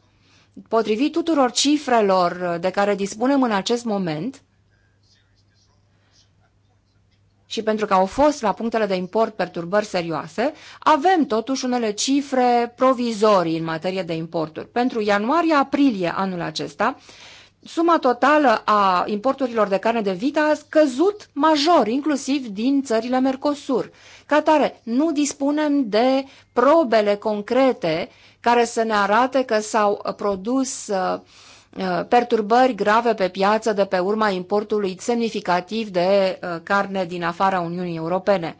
C: Potrivit tuturor cifrelor de care dispunem în acest moment, și pentru că au fost la punctele de import perturbări serioase, avem totuși unele cifre provizorii în materie de importuri. Pentru ianuarie-aprilie anul acesta, suma totală a importurilor de carne de vită a scăzut major, inclusiv din țările Mercosur. Ca tare, nu dispunem de probele concrete care să ne arate că s-au produs uh, Uh, perturbări grave pe piață de pe urma importului semnificativ de uh, carne din afara Uniunii Europene.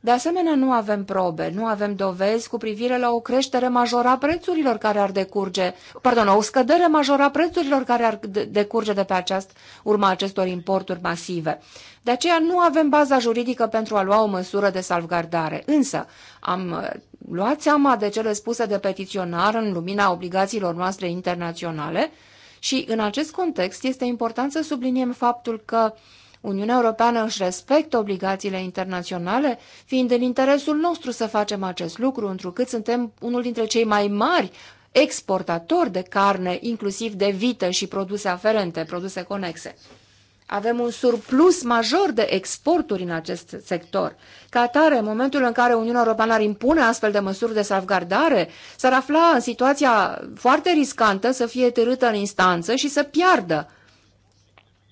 C: De asemenea, nu avem probe, nu avem dovezi cu privire la o creștere majoră a prețurilor care ar decurge, pardon, o scădere majoră a prețurilor care ar decurge de pe aceast, urma acestor importuri masive. De aceea nu avem baza juridică pentru a lua o măsură de salvgardare. Însă, am uh, luați seama de cele spuse de petiționar în lumina obligațiilor noastre internaționale și în acest context este important să subliniem faptul că Uniunea Europeană își respectă obligațiile internaționale, fiind în interesul nostru să facem acest lucru, întrucât suntem unul dintre cei mai mari exportatori de carne, inclusiv de vită și produse aferente, produse conexe. Avem un surplus major de exporturi în acest sector. Ca atare, în momentul în care Uniunea Europeană ar impune astfel de măsuri de salvgardare, s-ar afla în situația foarte riscantă să fie târâtă în instanță și să piardă.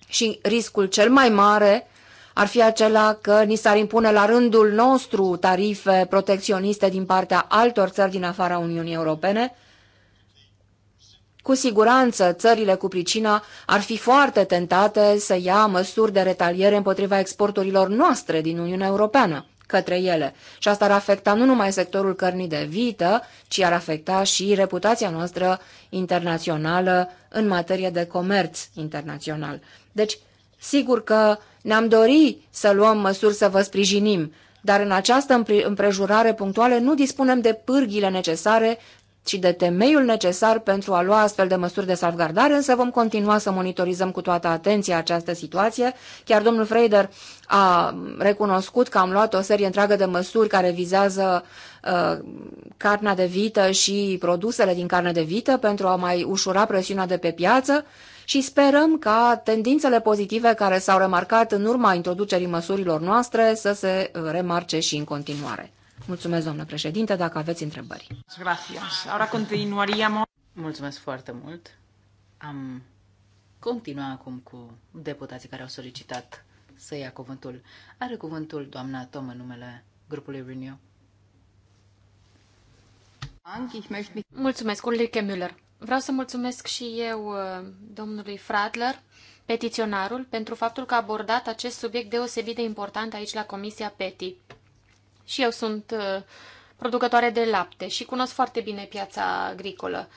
C: Și riscul cel mai mare ar fi acela că ni s-ar impune la rândul nostru tarife protecționiste din partea altor țări din afara Uniunii Europene, cu siguranță, țările cu pricina ar fi foarte tentate să ia măsuri de retaliere împotriva exporturilor noastre din Uniunea Europeană către ele. Și asta ar afecta nu numai sectorul cărnii de vită, ci ar afecta și reputația noastră internațională în materie de comerț internațional. Deci, sigur că ne-am dori să luăm măsuri să vă sprijinim, dar în această împrejurare punctuală nu dispunem de pârghile necesare ci de temeiul necesar pentru a lua astfel de măsuri de salvgardare, însă vom continua să monitorizăm cu toată atenția această situație. Chiar domnul Freider a recunoscut că am luat o serie întreagă de măsuri care vizează uh, carnea de vită și produsele din carne de vită pentru a mai ușura presiunea de pe piață și sperăm ca tendințele pozitive care s-au remarcat în urma introducerii măsurilor noastre să se remarce și în continuare. Mulțumesc, doamnă președinte, dacă aveți întrebări.
D: Mulțumesc foarte mult. Am
A: continuat acum cu deputații care au solicitat să ia cuvântul. Are cuvântul doamna Tom în numele grupului Renew.
E: Mulțumesc, Ulrike Müller. Vreau să mulțumesc și eu uh, domnului Fradler, petiționarul, pentru faptul că a abordat acest subiect deosebit de important aici la Comisia PETI. Și eu sunt uh, producătoare de lapte și cunosc foarte bine piața agricolă.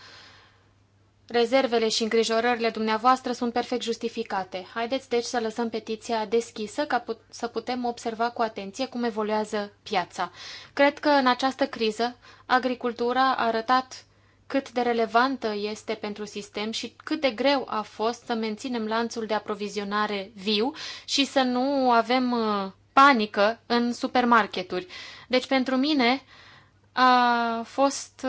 E: Rezervele și îngrijorările dumneavoastră sunt perfect justificate. Haideți deci să lăsăm petiția deschisă ca put- să putem observa cu atenție cum evoluează piața. Cred că în această criză agricultura a arătat cât de relevantă este pentru sistem și cât de greu a fost să menținem lanțul de aprovizionare viu și să nu avem uh, panică în supermarketuri. Deci pentru mine a fost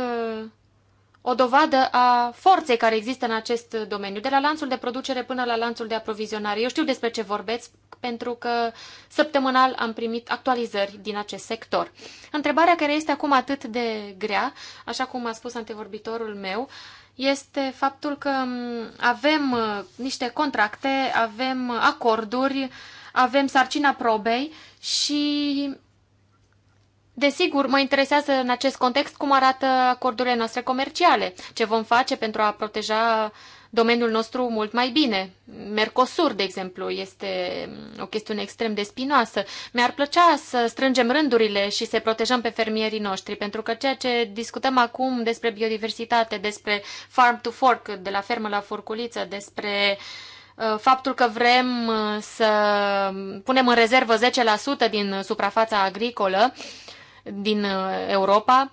E: o dovadă a forței care există în acest domeniu, de la lanțul de producere până la lanțul de aprovizionare. Eu știu despre ce vorbeți, pentru că săptămânal am primit actualizări din acest sector. Întrebarea care este acum atât de grea, așa cum a spus antevorbitorul meu, este faptul că avem uh, niște contracte, avem uh, acorduri, avem sarcina probei și, desigur, mă interesează în acest context cum arată acordurile noastre comerciale, ce vom face pentru a proteja domeniul nostru mult mai bine. Mercosur, de exemplu, este o chestiune extrem de spinoasă. Mi-ar plăcea să strângem rândurile și să protejăm pe fermierii noștri, pentru că ceea ce discutăm acum despre biodiversitate, despre farm to fork, de la fermă la furculiță, despre uh, Uh, faptul că vrem uh, să punem în rezervă 10% din suprafața agricolă din uh, Europa,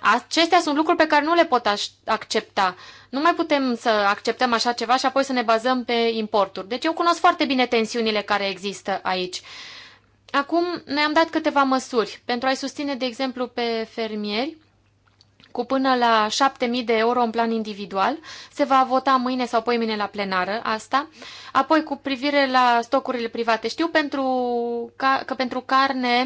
E: acestea sunt lucruri pe care nu le pot accepta. Nu mai putem să acceptăm așa ceva și apoi să ne bazăm pe importuri. Deci eu cunosc foarte bine tensiunile care există aici. Acum ne-am dat câteva măsuri pentru a-i susține, de exemplu, pe fermieri cu până la 7.000 de euro în plan individual. Se va vota mâine sau poimine la plenară asta. Apoi, cu privire la stocurile private, știu pentru ca, că pentru carne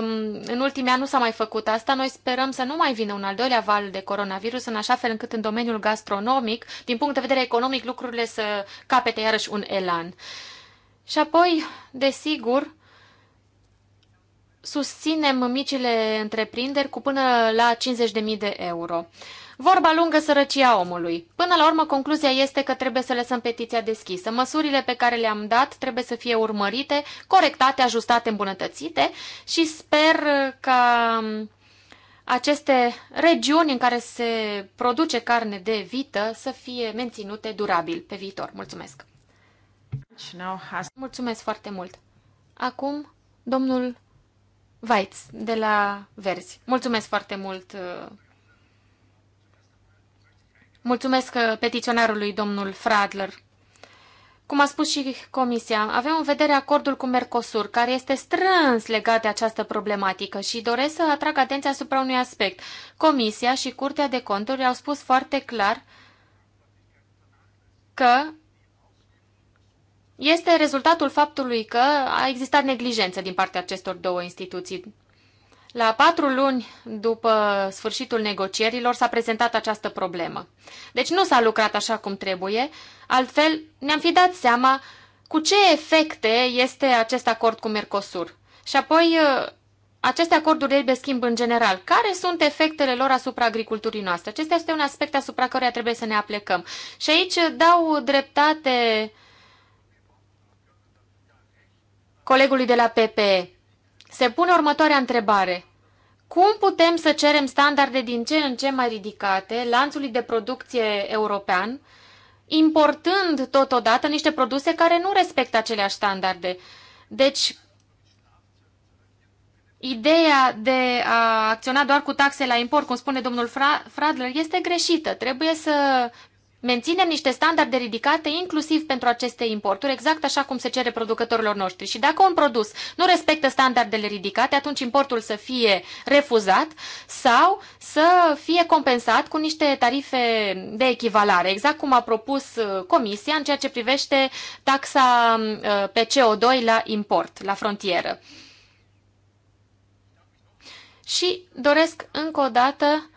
E: um, în ultimii ani nu s-a mai făcut asta. Noi sperăm să nu mai vină un al doilea val de coronavirus, în așa fel încât în domeniul gastronomic, din punct de vedere economic, lucrurile să capete iarăși un elan. Și apoi, desigur, susținem micile întreprinderi cu până la 50.000 de euro. Vorba lungă sărăcia omului. Până la urmă, concluzia este că trebuie să lăsăm petiția deschisă. Măsurile pe care le-am dat trebuie să fie urmărite, corectate, ajustate, îmbunătățite și sper că aceste regiuni în care se produce carne de vită să fie menținute durabil pe viitor. Mulțumesc! Mulțumesc foarte mult! Acum, domnul Weitz, de la Verzi. Mulțumesc foarte mult. Uh, mulțumesc uh, petiționarului domnul Fradler. Cum a spus și Comisia, avem în vedere acordul cu Mercosur, care este strâns legat de această problematică și doresc să atrag atenția asupra unui aspect. Comisia și Curtea de Conturi au spus foarte clar că este rezultatul faptului că a existat neglijență din partea acestor două instituții. La patru luni după sfârșitul negocierilor s-a prezentat această problemă. Deci nu s-a lucrat așa cum trebuie, altfel ne-am fi dat seama cu ce efecte este acest acord cu Mercosur. Și apoi ă, aceste acorduri de schimb în general, care sunt efectele lor asupra agriculturii noastre? Acesta este un aspect asupra căruia trebuie să ne aplecăm. Și aici dau dreptate uh, colegului de la PPE. Se pune următoarea întrebare. Cum putem să cerem standarde din ce în ce mai ridicate lanțului de producție european, importând totodată niște produse care nu respectă aceleași standarde? Deci, ideea de a acționa doar cu taxe la import, cum spune domnul Fradler, este greșită. Trebuie să menținem niște standarde ridicate inclusiv pentru aceste importuri, exact așa cum se cere producătorilor noștri. Și dacă un produs nu respectă standardele ridicate, atunci importul să fie refuzat sau să fie compensat cu niște tarife de echivalare, exact cum a propus uh, Comisia în ceea ce privește taxa uh, pe CO2 la import, la frontieră. Și doresc încă o dată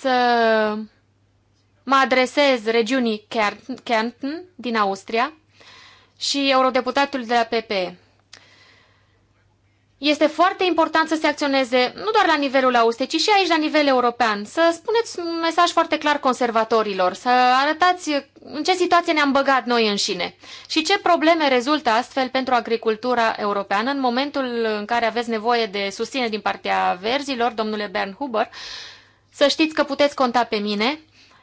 E: să Mă adresez regiunii Kärnten din Austria și eurodeputatul de la PP. Este foarte important să se acționeze nu doar la nivelul Austriei, ci și aici la nivel european. Să spuneți un mesaj foarte clar conservatorilor, să arătați în ce situație ne-am băgat noi înșine și ce probleme rezultă astfel pentru agricultura europeană în momentul în care aveți nevoie de susținere din partea verzilor, domnule Bernhuber. Să știți că puteți conta pe mine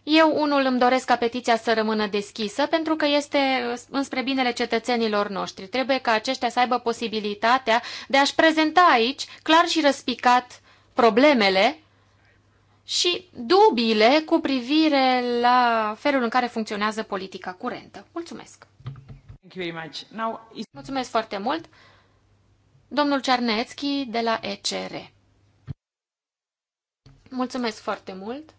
E: eu, unul, îmi doresc ca petiția să rămână deschisă pentru că este uh, înspre binele cetățenilor noștri. Trebuie ca aceștia să aibă posibilitatea de a-și prezenta aici clar și răspicat problemele și dubiile cu privire la felul în care funcționează politica curentă. Mulțumesc! Mulțumesc foarte mult! Domnul Cernețchi de la ECR. Mulțumesc foarte mult!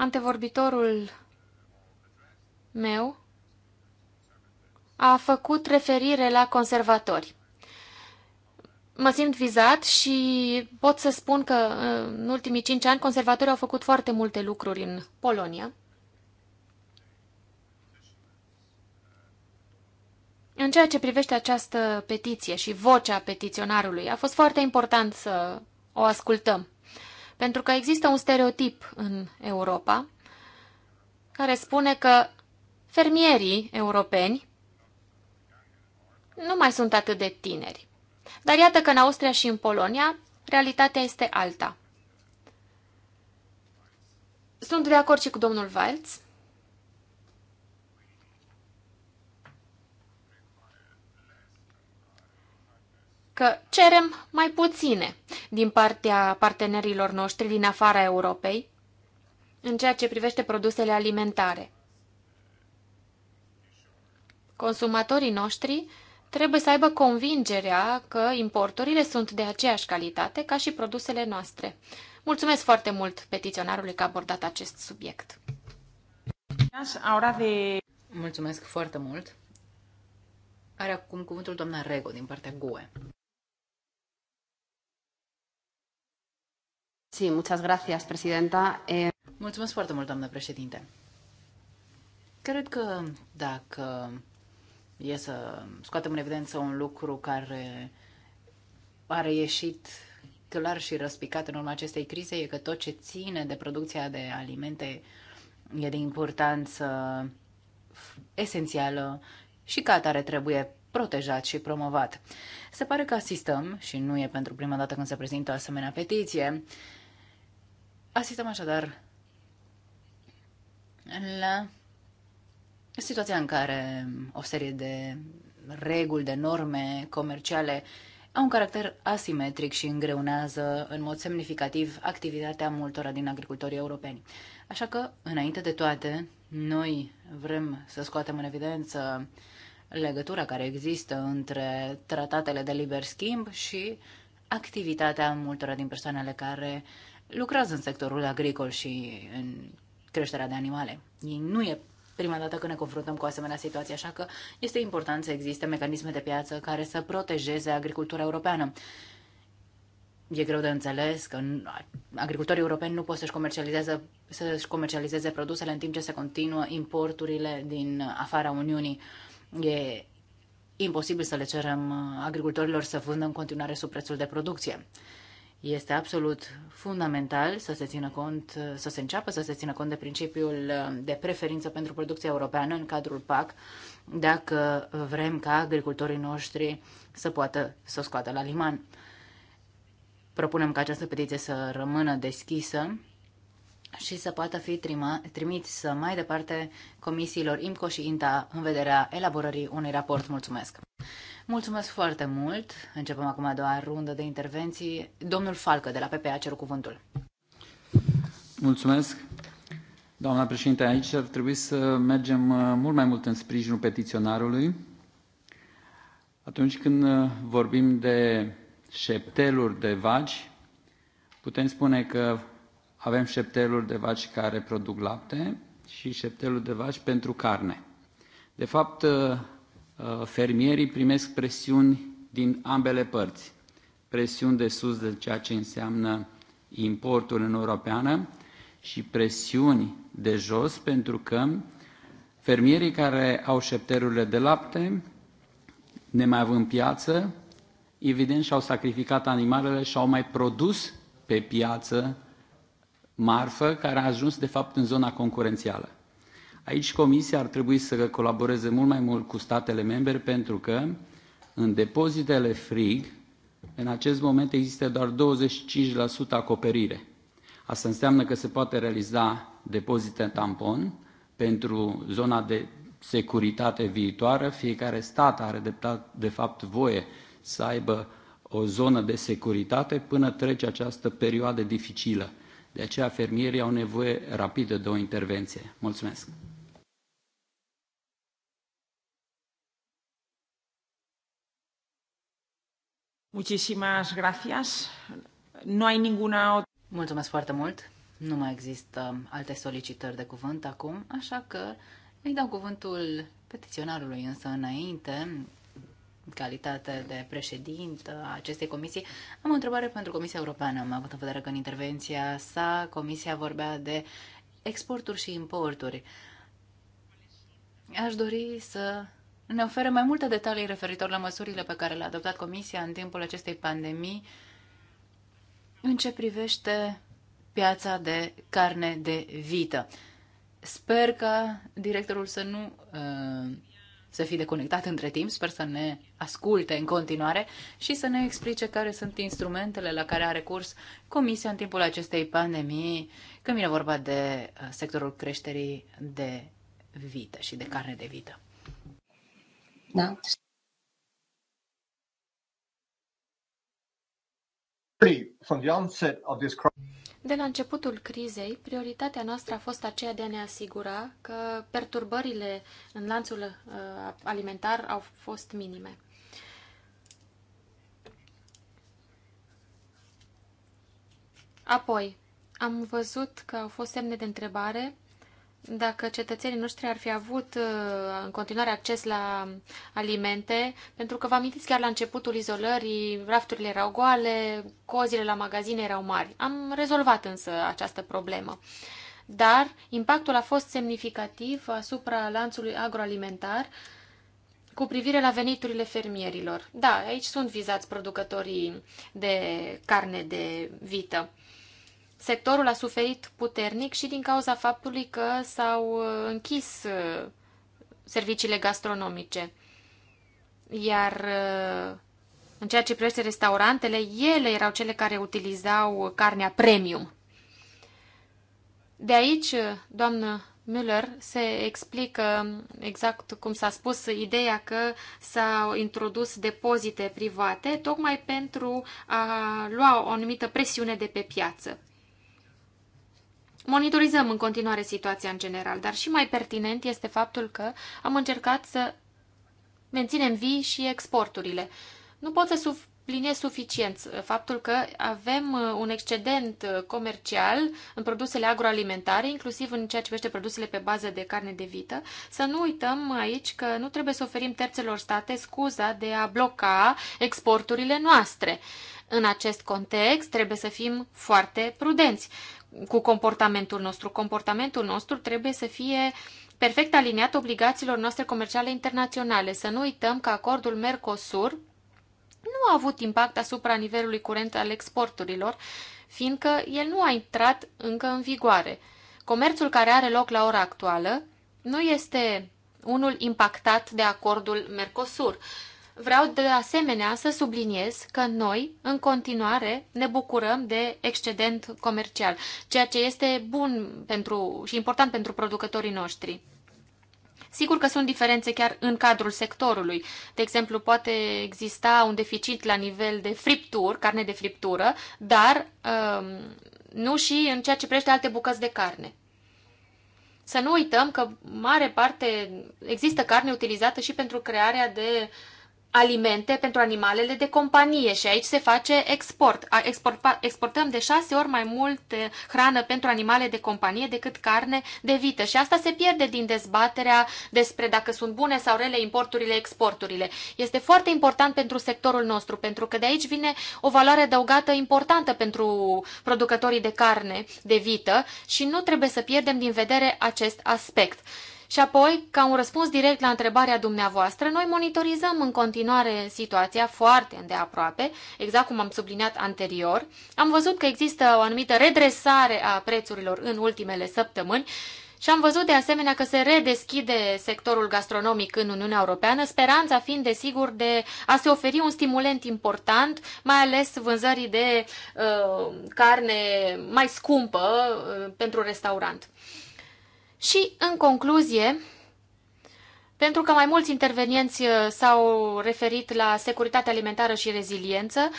E: Antevorbitorul meu a făcut referire la conservatori. Mă simt vizat și pot să spun că în ultimii cinci ani conservatorii au făcut foarte multe lucruri în Polonia. În ceea ce privește această petiție și vocea petiționarului, a fost foarte important să o ascultăm. Pentru că există un stereotip în Europa care spune că fermierii europeni nu mai sunt atât de tineri. Dar iată că în Austria și în Polonia realitatea este alta. Sunt de acord și cu domnul Valls că cerem mai puține din partea partenerilor noștri din afara Europei în ceea ce privește produsele alimentare. Consumatorii noștri trebuie să aibă convingerea că importurile sunt de aceeași calitate ca și produsele noastre. Mulțumesc foarte mult petiționarului că a abordat acest subiect.
D: Mulțumesc foarte mult.
A: Are acum cuvântul doamna Rego din partea GUE. Sí, muchas gracias, presidenta. Eh, Mulțumesc foarte mult, doamnă președinte. Cred că dacă e să scoatem în evidență un lucru care a ieșit clar și răspicat în urma acestei crize, e că tot ce ține de producția de alimente e de importanță esențială și ca atare trebuie protejat și promovat. Se pare că asistăm, și nu e pentru prima dată când se prezintă o asemenea petiție, Asistăm așadar la situația în care o serie de reguli, de norme comerciale au un caracter asimetric și îngreunează în mod semnificativ activitatea multora din agricultorii europeni. Așa că, înainte de toate, noi vrem să scoatem în evidență legătura care există între tratatele de liber schimb și activitatea multora din persoanele care uh, lucrează în sectorul agricol și în creșterea de animale. Ei nu e prima dată când ne confruntăm cu o asemenea situație, așa că este important să existe mecanisme de piață care să protejeze agricultura europeană. E greu de înțeles că agricultorii europeni nu pot să-și comercializeze, să-și comercializeze produsele în timp ce se continuă importurile din afara Uniunii. E imposibil să le cerem agricultorilor să vândă în continuare sub prețul de producție. Este absolut fundamental să se țină cont, să se înceapă să se țină cont de principiul uh, de preferință pentru producția europeană în cadrul PAC, dacă vrem ca agricultorii noștri să poată să o scoată la liman. Propunem ca această petiție să rămână deschisă și să poată fi trima, mai departe comisiilor IMCO și INTA în vederea elaborării unui raport. Mulțumesc! Mulțumesc foarte mult. Începem acum a doua rundă de intervenții. Domnul Falcă de la PPA cer cuvântul.
B: Mulțumesc. Doamna președinte, aici ar trebui să mergem uh, mult mai mult în sprijinul petiționarului. Atunci când uh, vorbim de șepteluri de vaci, putem spune că avem șepteluri de vaci care produc lapte și șepteluri de vaci pentru carne. De fapt, uh, Uh, fermierii primesc presiuni din ambele părți. Presiuni de sus de ceea ce înseamnă importul în europeană și presiuni de jos pentru că fermierii care au șepterurile de lapte, mai nemai piață, evident și-au sacrificat animalele și au mai produs pe piață marfă care a ajuns de fapt în zona concurențială. Aici Comisia ar trebui să colaboreze mult mai mult cu statele membre pentru că în depozitele frig, în acest moment există doar 25% acoperire. Asta înseamnă că se poate realiza depozite tampon pentru zona de securitate viitoare. Fiecare stat are de, de fapt voie să aibă o zonă de securitate până trece această perioadă dificilă. De aceea fermierii au nevoie rapidă de o intervenție. Mulțumesc!
D: Muchísimas gracias. No hay ninguna Mulțumesc foarte mult. Nu mai există alte solicitări de
A: cuvânt acum, așa că îi dau cuvântul petiționarului, însă înainte, în calitate de președintă a acestei comisii, am o întrebare pentru Comisia Europeană. Am avut în vedere că în intervenția sa Comisia vorbea de exporturi și importuri. Aș dori să ne oferă mai multe detalii referitor la măsurile pe care le-a adoptat Comisia în timpul acestei pandemii în ce privește piața de carne de vită. Sper că directorul să nu uh, să fie deconectat între timp, sper să ne asculte în continuare și să ne explice care sunt instrumentele la care a recurs Comisia în timpul acestei pandemii, când vine vorba de uh, sectorul creșterii de vită și de carne de vită. Da?
E: De la începutul crizei, prioritatea noastră a fost aceea de a ne asigura că perturbările în lanțul uh, alimentar au fost minime. Apoi, am văzut că au fost semne de întrebare dacă cetățenii noștri ar fi avut uh, în continuare acces la alimente, pentru că vă amintiți chiar la începutul izolării, rafturile erau goale, cozile la magazine erau mari. Am rezolvat însă această problemă. Dar impactul a fost semnificativ asupra lanțului agroalimentar cu privire la veniturile fermierilor. Da, aici sunt vizați producătorii de carne de vită sectorul a suferit puternic și din cauza faptului că s-au uh, închis uh, serviciile gastronomice. Iar uh, în ceea ce privește restaurantele, ele erau cele care utilizau carnea premium. De aici, doamnă Müller, se explică exact cum s-a spus ideea că s-au introdus depozite private tocmai pentru a lua o anumită presiune de pe piață. Monitorizăm în continuare situația în general, dar și mai pertinent este faptul că am încercat să menținem vii și exporturile. Nu pot să subliniez suficient uh, faptul că avem uh, un excedent uh, comercial în produsele agroalimentare, inclusiv în ceea ce privește produsele pe bază de carne de vită. Să nu uităm aici că nu trebuie să oferim terțelor state scuza de a bloca exporturile noastre. În acest context, trebuie să fim foarte prudenți cu comportamentul nostru. Comportamentul nostru trebuie să fie perfect aliniat obligațiilor noastre comerciale internaționale. Să nu uităm că acordul Mercosur nu a avut impact asupra nivelului curent al exporturilor, fiindcă el nu a intrat încă în vigoare. Comerțul care are loc la ora actuală nu este unul impactat de acordul Mercosur. Vreau de asemenea să subliniez că noi, în continuare, ne bucurăm de excedent comercial, ceea ce este bun pentru, și important pentru producătorii noștri. Sigur că sunt diferențe chiar în cadrul sectorului. De exemplu, poate exista un deficit la nivel de friptură, carne de friptură, dar um, nu și în ceea ce privește alte bucăți de carne. Să nu uităm că mare parte există carne utilizată și pentru crearea de uh, alimente pentru animalele de companie și aici se face export. Exportăm de șase ori mai mult eh, hrană pentru animale de companie decât carne de vită și asta se pierde din dezbaterea despre dacă sunt bune sau rele importurile, exporturile. Este foarte important pentru sectorul nostru pentru că de aici vine o valoare adăugată importantă pentru producătorii de carne de vită și nu trebuie să pierdem din vedere acest aspect. Și apoi, ca un răspuns direct la întrebarea dumneavoastră, noi monitorizăm în continuare situația foarte îndeaproape, exact cum am subliniat anterior. Am văzut că există o anumită redresare a prețurilor în ultimele săptămâni și am văzut de asemenea că se redeschide sectorul gastronomic în Uniunea Europeană, speranța fiind desigur de a se oferi un stimulent important, mai ales vânzării de uh, carne mai scumpă uh, pentru restaurant. Și, în concluzie, pentru că mai mulți intervenienți uh, s-au referit la securitatea alimentară și reziliență,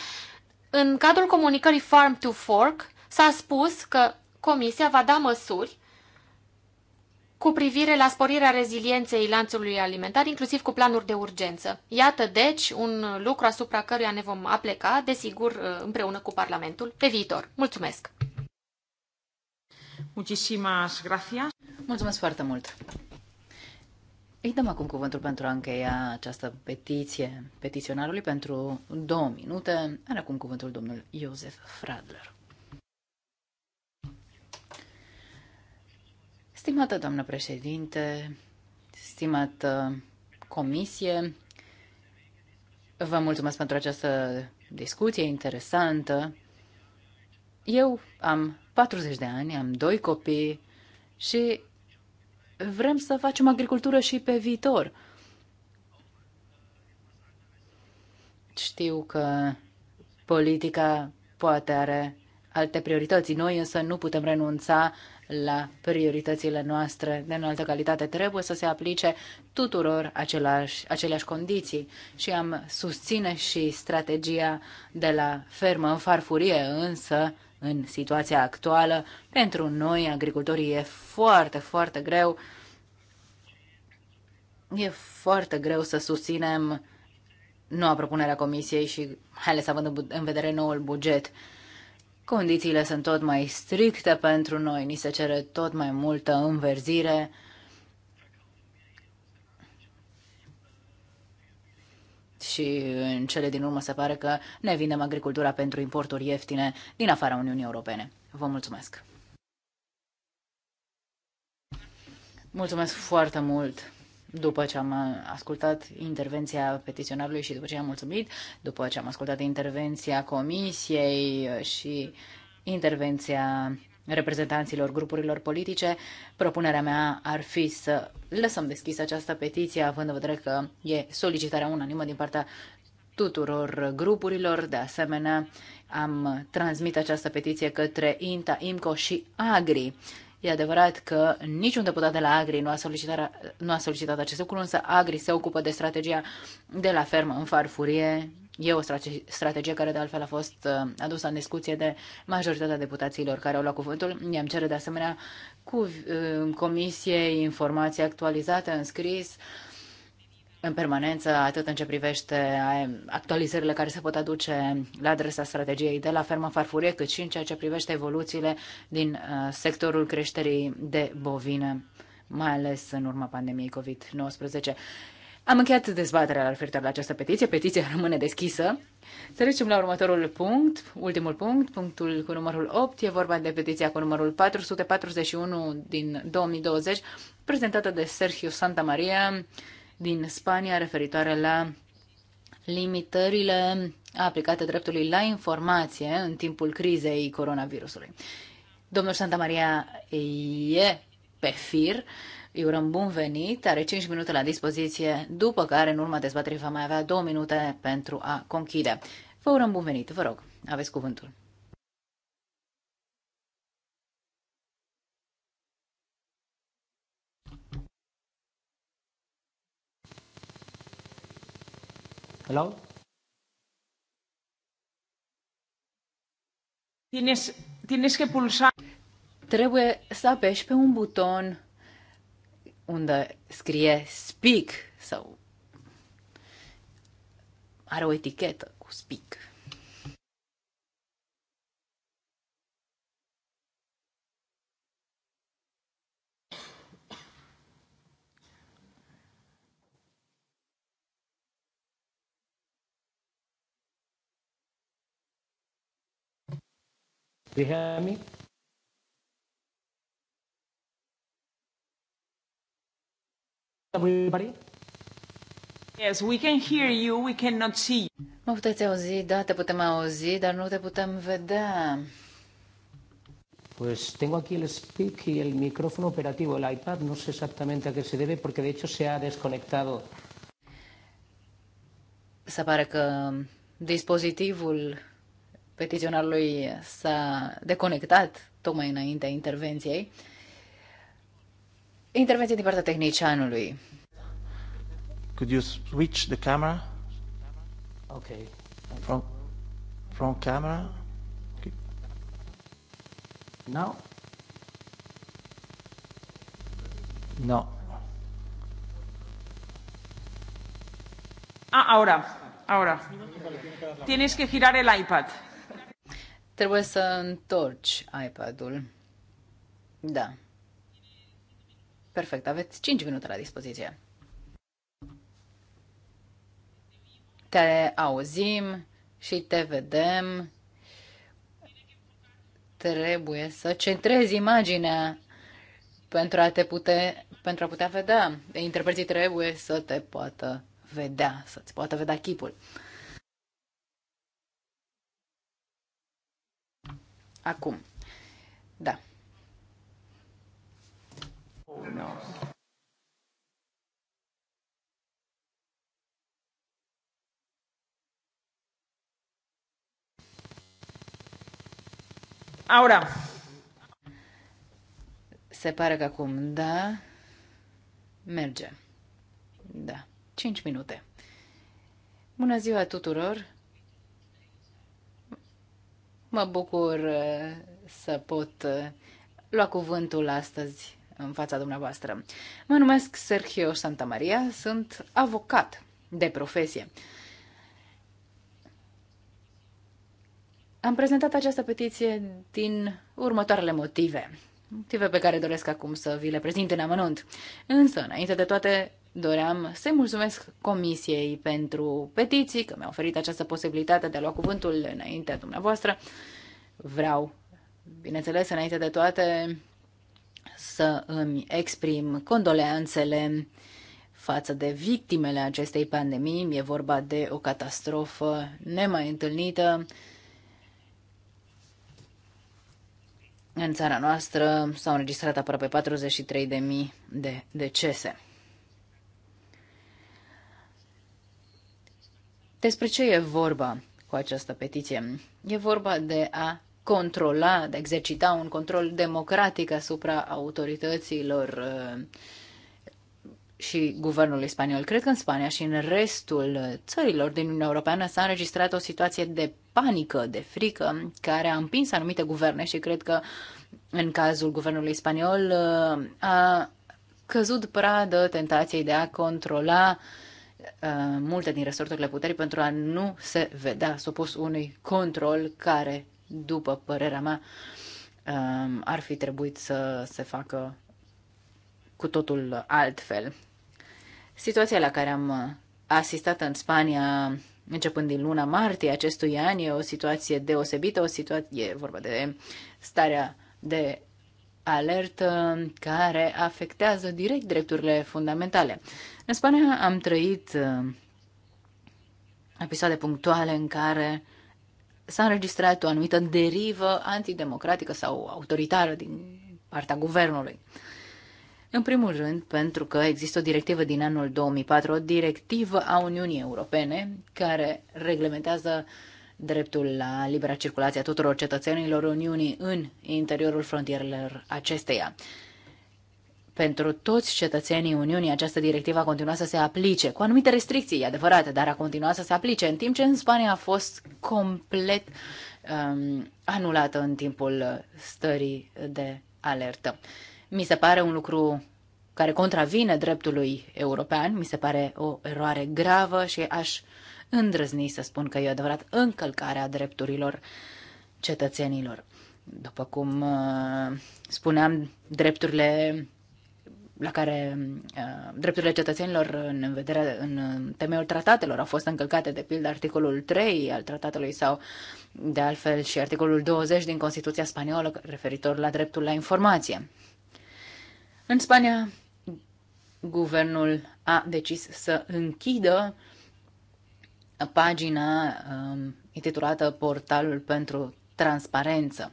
E: în cadrul comunicării Farm to Fork s-a spus că Comisia va da măsuri cu privire la sporirea rezilienței lanțului alimentar, inclusiv cu planuri de urgență. Iată, deci, un lucru asupra căruia ne vom apleca, desigur, uh, împreună cu Parlamentul, pe viitor. Mulțumesc!
A: Mulțumesc foarte mult. Îi dăm acum cuvântul pentru a încheia această petiție petiționarului pentru două minute. Are acum cuvântul domnul Iosef Fradler. Stimată doamnă președinte, stimată comisie, vă mulțumesc pentru această discuție interesantă. Eu am 40 de ani, am doi copii și vrem să facem agricultură și pe viitor. Știu că politica poate are alte priorități. Noi însă nu putem renunța la prioritățile noastre de înaltă calitate. Trebuie să se aplice tuturor același, aceleași condiții și am susține și strategia de la fermă în farfurie, însă în situația actuală. Pentru noi, agricultorii, e foarte, foarte greu. E foarte greu să susținem noua propunere a Comisiei și, mai ales având în vedere noul buget, condițiile sunt tot mai stricte pentru noi, ni se cere tot mai multă înverzire, și în cele din urmă se pare că ne vindem agricultura pentru importuri ieftine din afara Uniunii Europene. Vă mulțumesc! Mulțumesc foarte mult! După ce am ascultat intervenția petiționarului și după ce am mulțumit, după ce am ascultat intervenția comisiei și intervenția reprezentanților grupurilor politice. Propunerea mea ar fi să lăsăm deschisă această petiție, având în vedere că e solicitarea unanimă din partea tuturor grupurilor. De asemenea, am transmit această petiție către INTA, IMCO și AGRI. E adevărat că niciun deputat de la Agri nu a, solicitat, nu a solicitat acest lucru, însă Agri se ocupă de strategia de la fermă în farfurie E o strategie care de altfel a fost uh, adusă în discuție de majoritatea deputaților care au luat cuvântul. I-am cere de asemenea cu uh, comisiei informații actualizate în scris în permanență, atât în ce privește actualizările care se pot aduce la adresa strategiei de la fermă farfurie, cât și în ceea ce privește evoluțiile din uh, sectorul creșterii de bovine, mai ales în urma pandemiei COVID-19. Am încheiat dezbaterea referitoare la această petiție. Petiția rămâne deschisă. Să trecem la următorul punct, ultimul punct, punctul cu numărul 8. E vorba de petiția cu numărul 441 din 2020, prezentată de Sergio Santa Maria din Spania, referitoare la limitările aplicate dreptului la informație în timpul crizei coronavirusului. Domnul Santa Maria e pe fir îi urăm bun venit, are 5 minute la dispoziție, după care, în urma dezbaterii, va mai avea 2 minute pentru a conchide. Vă urăm bun venit, vă rog, aveți cuvântul.
D: Hello? Tienes, tienes que pulsar. Trebuie să apeși pe un buton
A: unde scrie speak sau are o etichetă cu speak.
D: Do you hear me? everybody? Yes, we can hear you, we cannot see you.
A: Mă puteți auzi, da, te putem auzi, dar nu te putem vedea.
D: Pues tengo aquí el speak y el micrófono operativo, el iPad, no sé exactamente a qué se debe porque de hecho se ha desconectado.
A: Se pare că dispozitivul petiționarului s-a deconectat tocmai înaintea intervenției. Intervenție din partea tehnicianului.
B: Could you switch the camera?
D: Okay. From,
B: from camera? Okay. Now? No.
D: Ah, ahora, ahora. Tienes que girar el iPad. Trebuie să întorci iPad-ul. Da.
A: Perfect, aveți 5 minute la dispoziție. Te auzim și te vedem. Trebuie să centrezi imaginea pentru a te pute, pentru a putea vedea. Interpreții trebuie să te poată vedea, să-ți poată vedea chipul. Acum. Da. No. Ahora. Se pare că acum, da, merge. Da, 5 minute. Bună ziua tuturor! Mă bucur uh, să pot uh, lua cuvântul astăzi în fața dumneavoastră. Mă numesc Sergio Santa Maria. sunt avocat de profesie. Am prezentat această petiție din următoarele motive, motive pe care doresc acum să vi le prezint în amănunt. Însă, înainte de toate, doream să-i mulțumesc Comisiei pentru petiții, că mi-a oferit această posibilitate de a lua cuvântul înaintea dumneavoastră. Vreau, bineînțeles, înainte de toate, să îmi exprim condoleanțele față de victimele acestei pandemii. E vorba de o catastrofă nemai întâlnită. În țara noastră s-au înregistrat aproape 43.000 de decese. Despre ce e vorba cu această petiție? E vorba de a controla, de a exercita un control democratic asupra autorităților uh, și guvernului spaniol. Cred că în Spania și în restul țărilor din Uniunea Europeană s-a înregistrat o situație de panică, de frică, care a împins anumite guverne și cred că în cazul guvernului spaniol uh, a căzut pradă tentației de a controla uh, multe din resorturile puterii pentru a nu se vedea supus unui control care după părerea mea, um, ar fi trebuit să se facă cu totul altfel. Situația la care am asistat în Spania începând din luna martie acestui an e o situație deosebită, o situație, e vorba de starea de alertă care afectează direct drepturile fundamentale. În Spania am trăit uh, episoade punctuale în care uh, s-a înregistrat o anumită derivă antidemocratică sau autoritară din partea guvernului. În primul rând, pentru că există o directivă din anul 2004, o directivă a Uniunii Europene, care reglementează dreptul la libera circulație a tuturor cetățenilor Uniunii în interiorul frontierelor acesteia pentru toți cetățenii Uniunii această directivă a continuat să se aplice, cu anumite restricții, adevărat, dar a continuat să se aplice, în timp ce în Spania a fost complet um, anulată în timpul stării de alertă. Mi se pare un lucru care contravine dreptului european, mi se pare o eroare gravă și aș îndrăzni să spun că e adevărat încălcarea drepturilor cetățenilor. După cum uh, spuneam, drepturile la care uh, drepturile cetățenilor în vederea în temeiul tratatelor au fost încălcate, de pildă articolul 3 al tratatului sau de altfel și articolul 20 din Constituția spaniolă referitor la dreptul la informație. În Spania, guvernul a decis să închidă pagina intitulată um, Portalul pentru Transparență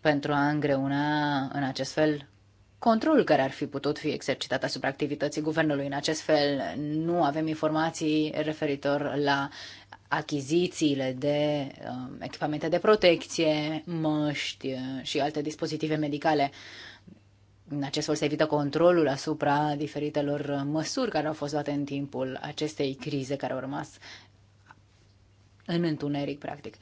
A: pentru a îngreuna în acest fel controlul care ar fi putut fi exercitat asupra activității guvernului. În acest fel, nu avem informații referitor la achizițiile de uh, echipamente de protecție, măști uh, și alte dispozitive medicale. În acest fel se evită controlul asupra diferitelor uh, măsuri care au fost luate în timpul acestei crize care au rămas în întuneric, practic.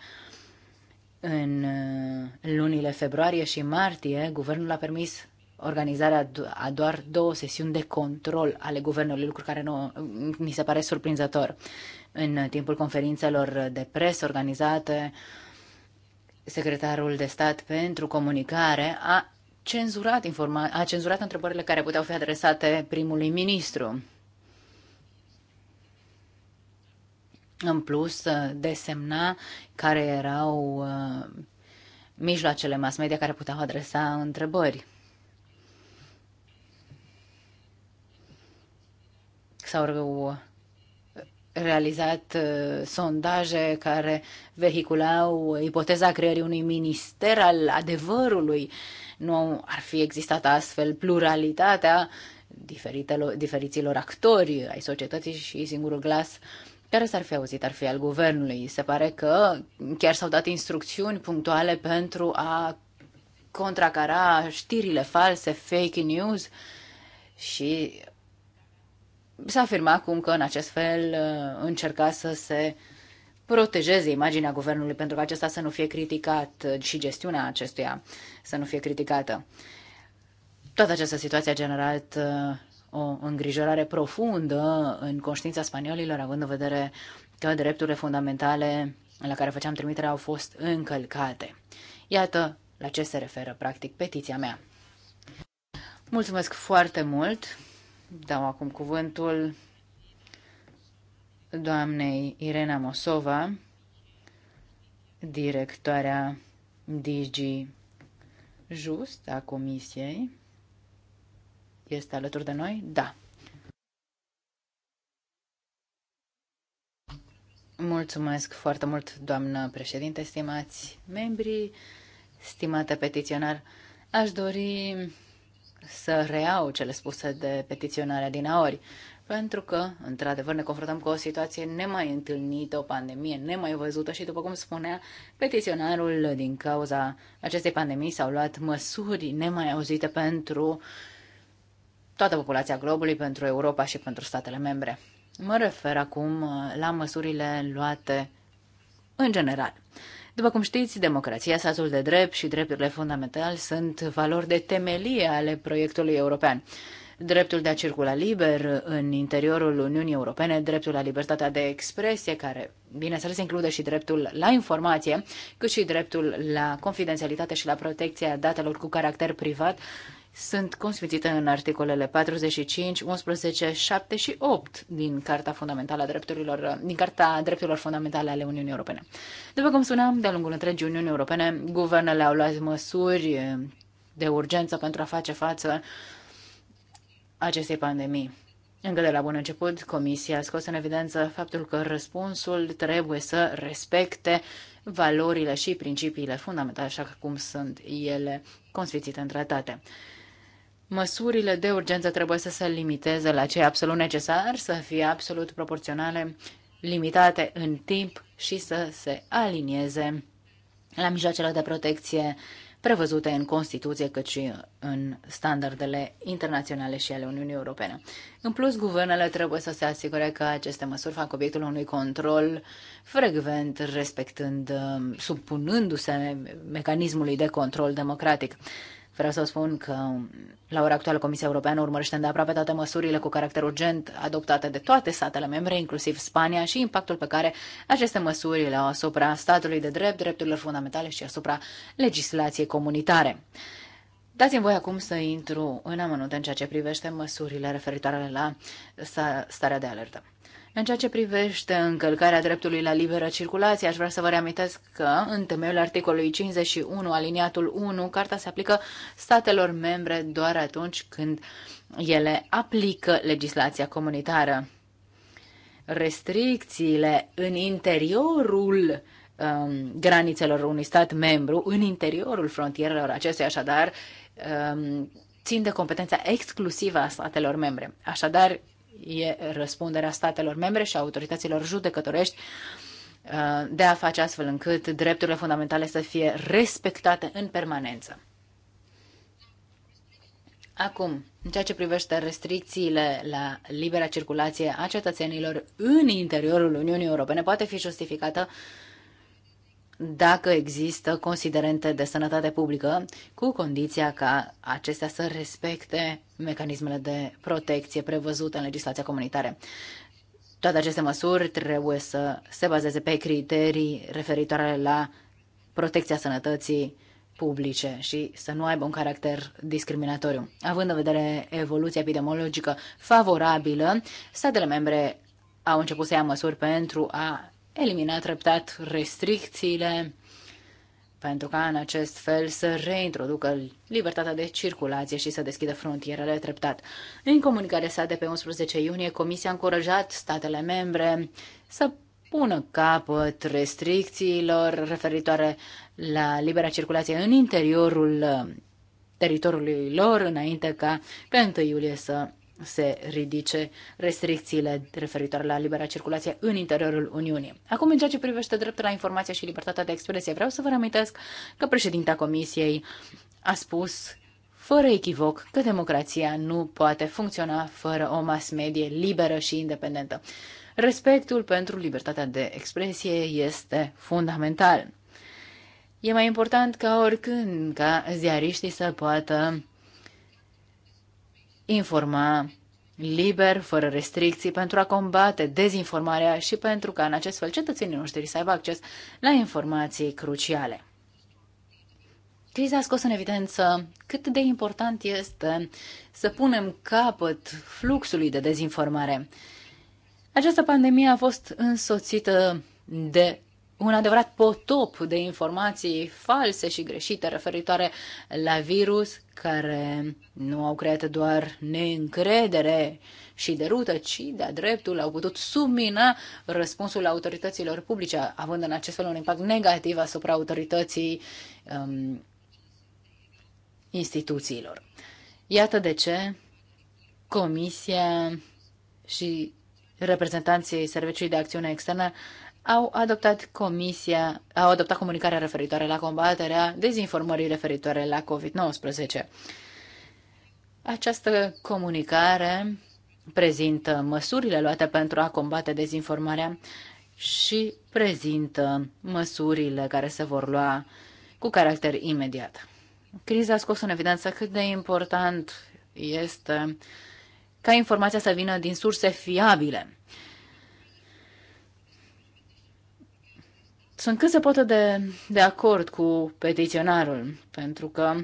A: În uh, lunile februarie și martie, guvernul a permis organizarea a doar două sesiuni de control ale guvernului, lucru care nu, mi se pare surprinzător. În timpul conferințelor de presă organizate, secretarul de stat pentru comunicare a cenzurat, informa- a cenzurat întrebările care puteau fi adresate primului ministru. În plus, desemna care erau uh, mijloacele mass media care puteau adresa întrebări. S-au realizat uh, sondaje care vehiculau ipoteza creării unui minister al adevărului. Nu ar fi existat astfel pluralitatea diferiților actori ai societății și singurul glas care s-ar fi auzit ar fi al guvernului. Se pare că chiar s-au dat instrucțiuni punctuale pentru a contracara știrile false, fake news și s-a afirmat acum că în acest fel uh, încerca să se protejeze imaginea guvernului pentru că acesta să nu fie criticat uh, și gestiunea acestuia să nu fie criticată. Toată această situație a generat uh, o îngrijorare profundă în conștiința spaniolilor, având în vedere că drepturile fundamentale la care făceam trimitere au fost încălcate. Iată la ce se referă, practic, petiția mea. Mulțumesc foarte mult! Dau acum cuvântul doamnei Irena Mosova, directoarea DG Just a Comisiei. Este alături de noi? Da. Mulțumesc foarte mult, doamnă președinte, stimați membri, stimată petiționar. Aș dori să reau cele spuse de petiționarea din aori, pentru că, într-adevăr, ne confruntăm cu o situație nemai întâlnită, o pandemie nemai văzută și, după cum spunea petiționarul, din cauza acestei pandemii s-au luat măsuri nemai auzite pentru toată populația globului, pentru Europa și pentru statele membre. Mă refer acum la măsurile luate în general. După cum știți, democrația, statul de drept și drepturile fundamentale sunt valori de temelie ale proiectului european dreptul de a circula liber în interiorul Uniunii Europene, dreptul la libertatea de expresie, care, bineînțeles, include și dreptul la informație, cât și dreptul la confidențialitate și la protecția datelor cu caracter privat, sunt consfințite în articolele 45, 11, 7 și 8 din Carta Fundamentală a Drepturilor, din Carta Drepturilor Fundamentale ale Uniunii Europene. După cum spuneam, de-a lungul întregii Uniunii Europene, guvernele au luat măsuri de urgență pentru a face față acestei pandemii. Încă de la bun început, Comisia a scos în evidență faptul că răspunsul trebuie să respecte valorile și principiile fundamentale, așa cum sunt ele consfințite în tratate măsurile de urgență trebuie să se limiteze la ce e absolut necesar, să fie absolut proporționale, limitate în timp și să se alinieze la mijloacele de protecție prevăzute în Constituție, cât și în standardele internaționale și ale Uniunii Europene. În plus, guvernele trebuie să se asigure că aceste măsuri fac obiectul unui control frecvent, respectând, uh, supunându-se mecanismului de control democratic. Vreau să spun că la ora actuală Comisia Europeană urmărește îndeaproape toate măsurile cu caracter urgent adoptate de toate statele membre, inclusiv Spania, și impactul pe care aceste măsuri le au asupra statului de drept, drepturilor fundamentale și asupra legislației comunitare. Dați-mi voi acum să intru în amănunt în ceea ce privește măsurile referitoare la starea de alertă. În ceea ce privește încălcarea dreptului la liberă circulație, aș vrea să vă reamintesc că, în temeiul articolului 51, aliniatul 1, carta se aplică statelor membre doar atunci când ele aplică legislația comunitară. Restricțiile în interiorul um, granițelor unui stat membru, în interiorul frontierelor acestuia, așadar, um, țin de competența exclusivă a statelor membre. Așadar, e răspunderea statelor membre și a autorităților judecătorești uh, de a face astfel încât drepturile fundamentale să fie respectate în permanență. Acum, în ceea ce privește restricțiile la libera circulație a cetățenilor în interiorul Uniunii Europene, poate fi justificată uh, dacă există considerente de sănătate publică, cu condiția ca acestea să respecte mecanismele de protecție prevăzute în legislația comunitară. Toate aceste măsuri trebuie să se bazeze pe criterii referitoare la protecția sănătății publice și să nu aibă un caracter discriminatoriu. Având în vedere evoluția epidemiologică favorabilă, statele membre au început să ia măsuri pentru a elimina treptat restricțiile pentru ca în acest fel să reintroducă libertatea de circulație și să deschidă frontierele treptat. În comunicarea sa de pe 11 iunie, Comisia a încurajat statele membre să pună capăt restricțiilor referitoare la libera circulație în interiorul ă, teritoriului lor, înainte ca pe 1 iulie să se ridice restricțiile referitoare la libera circulație în interiorul Uniunii. Acum, în ceea ce privește dreptul la informație și libertatea de expresie, vreau să vă reamintesc că președinta Comisiei a spus fără echivoc că democrația nu poate funcționa fără o mass medie liberă și independentă. Respectul pentru libertatea de expresie este fundamental. E mai important ca oricând ca ziariștii să poată informa liber, fără restricții, pentru a combate dezinformarea și pentru ca în acest fel cetățenii noștri să aibă acces la informații cruciale. Criza a scos în evidență cât de important este să punem capăt fluxului de dezinformare. Această pandemie a fost însoțită de un adevărat potop de informații false și greșite referitoare la virus, care nu au creat doar neîncredere și derută, ci de-a dreptul au putut submina răspunsul autorităților publice, având în acest fel un impact negativ asupra autorității um, instituțiilor. Iată de ce Comisia și reprezentanții Serviciului de Acțiune Externă au adoptat comisia, au adoptat comunicarea referitoare la combaterea dezinformării referitoare la COVID-19. Această comunicare prezintă măsurile luate pentru a combate dezinformarea și prezintă măsurile care se vor lua cu caracter imediat. Criza a scos în evidență cât de important este ca informația să vină din surse fiabile Sunt cât se poate de, de acord cu petiționarul, pentru că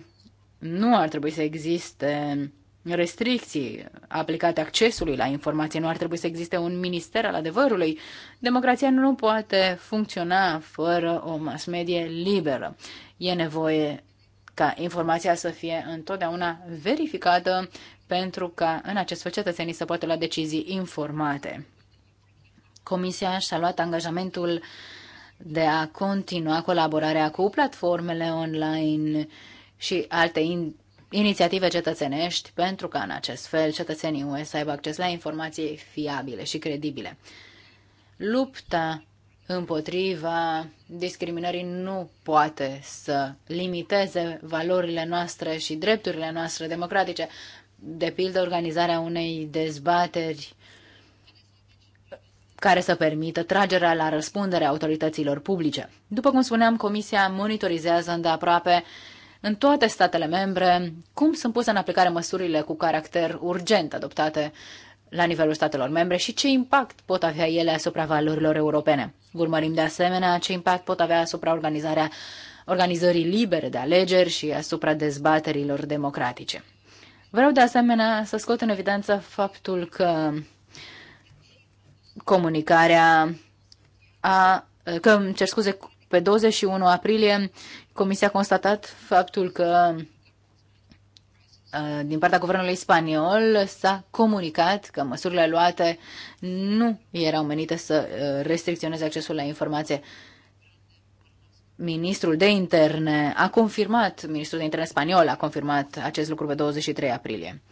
A: nu ar trebui să existe restricții aplicate accesului la informații, nu ar trebui să existe un minister al adevărului. Democrația nu poate funcționa fără o mass media liberă. E nevoie ca informația să fie întotdeauna verificată pentru ca în acest fel cetățenii să poată lua decizii informate. Comisia și-a luat angajamentul de a continua colaborarea cu platformele online și alte in- inițiative cetățenești pentru ca în acest fel cetățenii UE să aibă acces la informații fiabile și credibile. Lupta împotriva discriminării nu poate să limiteze valorile noastre și drepturile noastre democratice. De pildă, organizarea unei dezbateri care să permită tragerea la răspundere a autorităților publice. După cum spuneam, Comisia monitorizează îndeaproape în toate statele membre cum sunt puse în aplicare măsurile cu caracter urgent adoptate la nivelul statelor membre și ce impact pot avea ele asupra valorilor europene. Urmărim de asemenea ce impact pot avea asupra organizarea organizării libere de alegeri și asupra dezbaterilor democratice. Vreau de asemenea să scot în evidență faptul că comunicarea a, că, cer scuze, pe 21 aprilie Comisia a constatat faptul că din partea guvernului spaniol s-a comunicat că măsurile luate nu erau menite să restricționeze accesul la informație. Ministrul de interne a confirmat, ministrul de interne spaniol a confirmat acest lucru pe 23 aprilie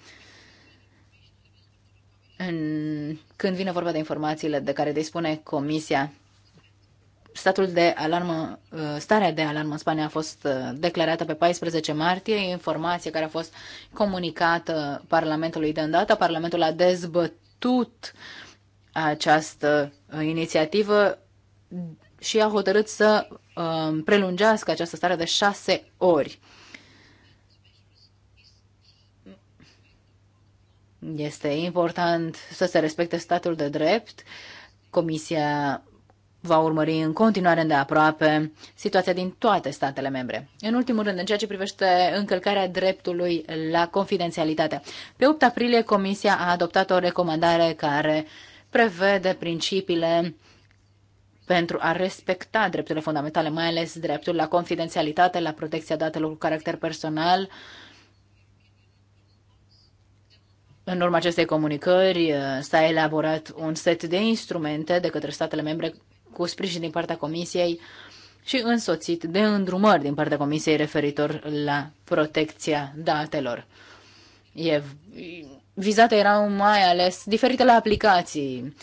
A: în, când vine vorba de informațiile de care dispune Comisia, statul de alarmă, uh, starea de alarmă în Spania a fost uh, declarată pe 14 martie, informație care a fost comunicată Parlamentului de îndată. Parlamentul a dezbătut această uh, inițiativă și a hotărât să prelungească această stare de șase ori. Este important să se respecte statul de drept. Comisia va urmări în continuare de aproape situația din toate statele membre. În ultimul rând, în ceea ce privește încălcarea dreptului la confidențialitate. Pe 8 aprilie, Comisia a adoptat o recomandare care prevede principiile pentru a respecta drepturile fundamentale, mai ales dreptul la confidențialitate, la protecția datelor cu caracter personal, în urma acestei comunicări uh, s-a elaborat un set de instrumente de către statele membre cu sprijin din partea Comisiei și însoțit de îndrumări din partea Comisiei referitor la protecția datelor. E, vizate erau mai ales diferitele aplicații,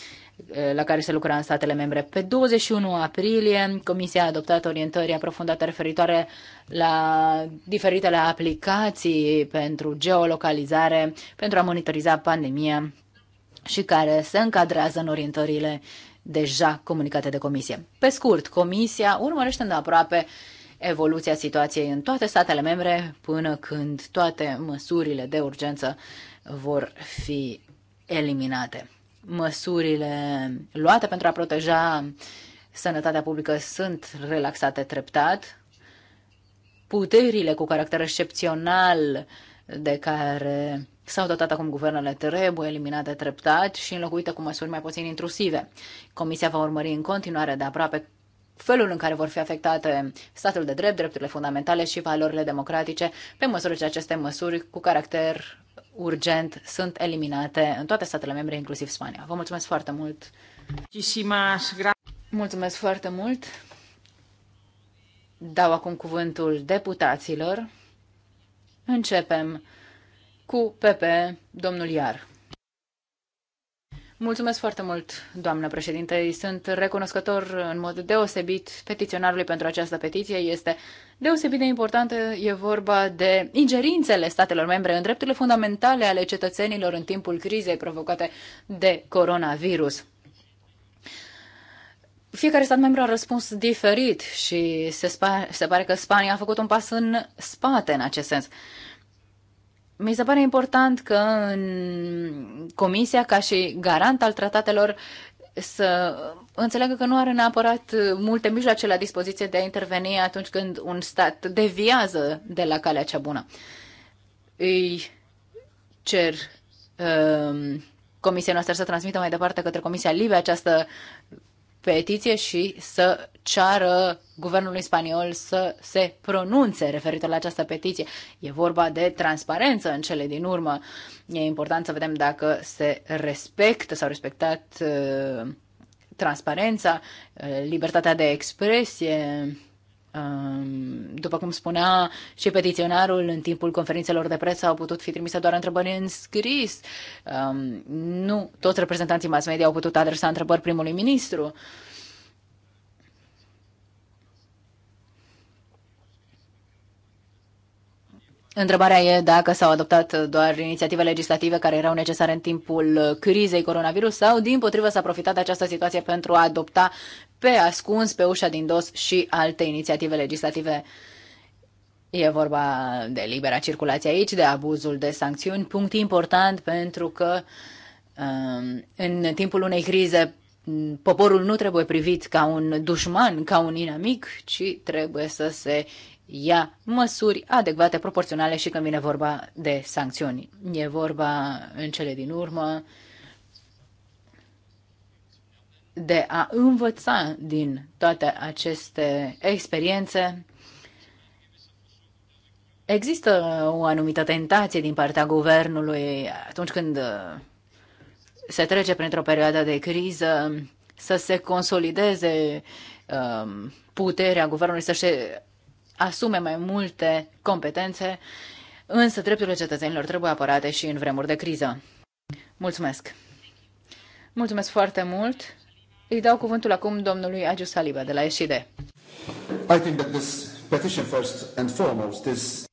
A: Eh, la care se lucra în statele membre. Pe 21 aprilie, Comisia a adoptat orientări aprofundate referitoare la diferitele aplicații pentru geolocalizare, pentru a monitoriza pandemia și care se încadrează în orientările deja comunicate de Comisie. Pe scurt, Comisia urmărește îndeaproape evoluția situației în toate statele membre până când toate măsurile de urgență vor fi eliminate măsurile luate pentru a proteja sănătatea publică sunt relaxate treptat. Puterile cu caracter excepțional de care s-au dotat acum guvernele trebuie eliminate treptat și înlocuite cu măsuri mai puțin intrusive. Comisia va urmări în continuare de aproape felul în care vor fi afectate statul de drept, drepturile fundamentale și valorile democratice pe măsură ce aceste măsuri cu caracter urgent sunt eliminate în toate statele membre, inclusiv Spania. Vă mulțumesc foarte mult! Mulțumesc foarte mult! Dau acum cuvântul deputaților. Începem cu PP, domnul Iar. Mulțumesc foarte mult, doamnă președinte. Sunt recunoscător în mod deosebit petiționarului pentru această petiție. Este deosebit de importantă. E vorba de ingerințele statelor membre în drepturile fundamentale ale cetățenilor în timpul crizei provocate de coronavirus. Fiecare stat membru a răspuns diferit și se, se pare că Spania a făcut un pas în spate în acest sens. Mi se pare important că în Comisia, ca și garant al tratatelor, să înțeleagă că nu are neapărat multe mijloace la dispoziție de a interveni atunci când un stat deviază de la calea cea bună. Îi cer um, comisia noastră să transmită mai departe către Comisia Libe această petiție și să ceară guvernului spaniol să se pronunțe referitor la această petiție. E vorba de transparență în cele din urmă. E important să vedem dacă se respectă, s-au respectat uh, transparența, uh, libertatea de expresie, după cum spunea și petiționarul, în timpul conferințelor de presă au putut fi trimise doar întrebări în scris. Nu toți reprezentanții mass media au putut adresa întrebări primului ministru. Întrebarea e dacă s-au adoptat doar inițiative legislative care erau necesare în timpul crizei coronavirus sau, din potrivă, s-a profitat de această situație pentru a adopta pe ascuns, pe ușa din dos și alte inițiative legislative. E vorba de libera circulație aici, de abuzul de sancțiuni, punct important pentru că um, în timpul unei crize poporul nu trebuie privit ca un dușman, ca un inamic, ci trebuie să se ia măsuri adecvate, proporționale și când vine vorba de sancțiuni. E vorba în cele din urmă de a învăța din toate aceste experiențe. Există o anumită tentație din partea guvernului atunci când uh, se trece printr-o perioadă de criză să se consolideze um, puterea guvernului, să se asume mai multe competențe, însă drepturile cetățenilor trebuie apărate și în vremuri de criză. Mulțumesc! Mulțumesc foarte mult! Îi dau cuvântul acum domnului Agiu Saliba de la SID. I
B: think that this petition first and foremost
C: is...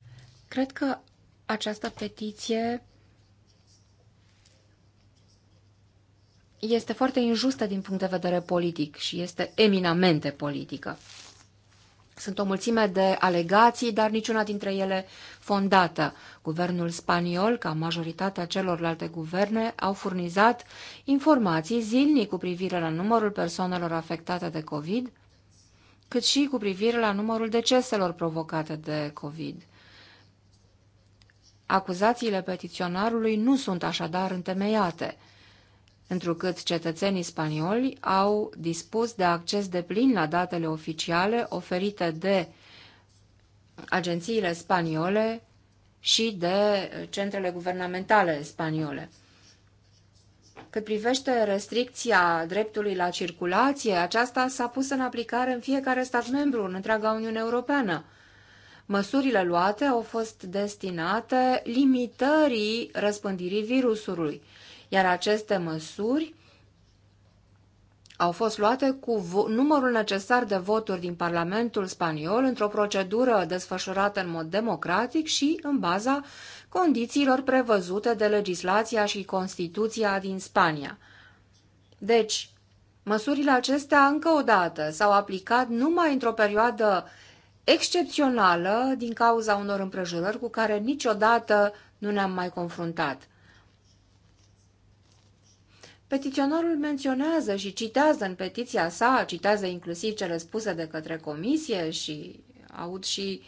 C: Cred că această petiție este foarte injustă din punct de vedere politic și este eminamente politică. Sunt o mulțime de alegații, dar niciuna dintre ele fondată. Guvernul spaniol, ca majoritatea celorlalte guverne, au furnizat informații zilnic cu privire la numărul persoanelor afectate de COVID, cât și cu privire la numărul deceselor provocate de COVID. Acuzațiile petiționarului nu sunt așadar întemeiate întrucât cetățenii spanioli au dispus de acces de plin la datele oficiale oferite de agențiile spaniole și de centrele guvernamentale spaniole. Cât privește restricția dreptului la circulație, aceasta s-a pus în aplicare în fiecare stat membru, în întreaga Uniune Europeană. Măsurile luate au fost destinate limitării răspândirii virusului iar aceste măsuri au fost luate cu numărul necesar de voturi din Parlamentul spaniol într-o procedură desfășurată în mod democratic și în baza condițiilor prevăzute de legislația și Constituția din Spania. Deci, măsurile acestea încă o dată s-au aplicat numai într-o perioadă excepțională din cauza unor împrejurări cu care niciodată nu ne-am mai confruntat. Petiționarul menționează și citează în petiția sa, citează inclusiv cele spuse de către comisie și aud și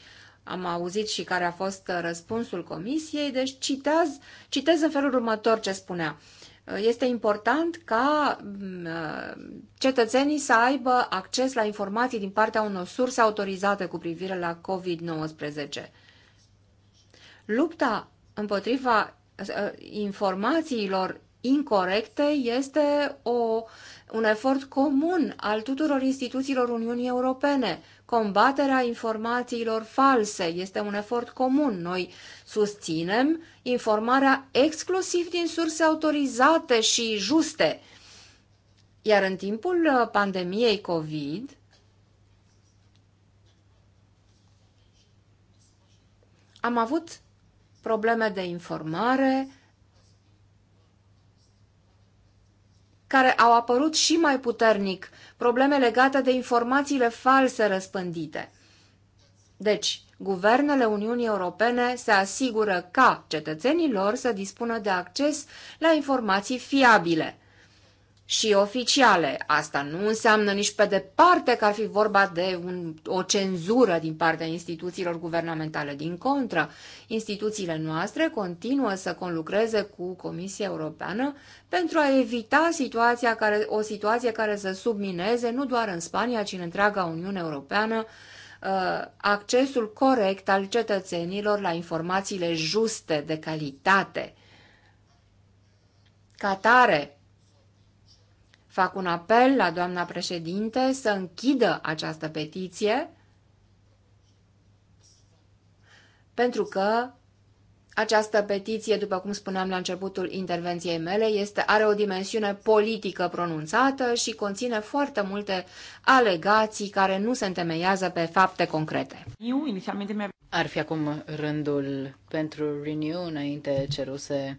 C: am auzit și care a fost răspunsul comisiei, deci citez, citez în felul următor ce spunea. Este important ca mm, cetățenii să aibă acces la informații din partea unor surse autorizate cu privire la COVID-19. Lupta împotriva uh, informațiilor incorrecte este o, un efort comun al tuturor instituțiilor Uniunii Europene. Combaterea informațiilor false este un efort comun. Noi susținem informarea exclusiv din surse autorizate și juste. Iar în timpul uh, pandemiei COVID, am avut probleme de informare, care au apărut și mai puternic, probleme legate de informațiile false răspândite. Deci, guvernele Uniunii Europene se asigură ca cetățenii lor să dispună de acces la informații fiabile – și oficiale. Asta nu înseamnă nici pe departe că ar fi vorba de un, o cenzură din partea instituțiilor guvernamentale. Din contră, instituțiile noastre continuă să conlucreze cu Comisia Europeană pentru a evita situația care, o situație care să submineze nu doar în Spania, ci în întreaga Uniune Europeană uh, accesul corect al cetățenilor la informațiile juste, de calitate. Ca Fac un apel la doamna președinte să închidă această petiție pentru că această petiție, după cum spuneam la începutul intervenției mele, este, are o dimensiune politică pronunțată și conține foarte multe alegații care nu se întemeiază pe fapte concrete.
D: Eu inițialmente mi-a... Ar fi acum
A: rândul pentru Renew, înainte ceruse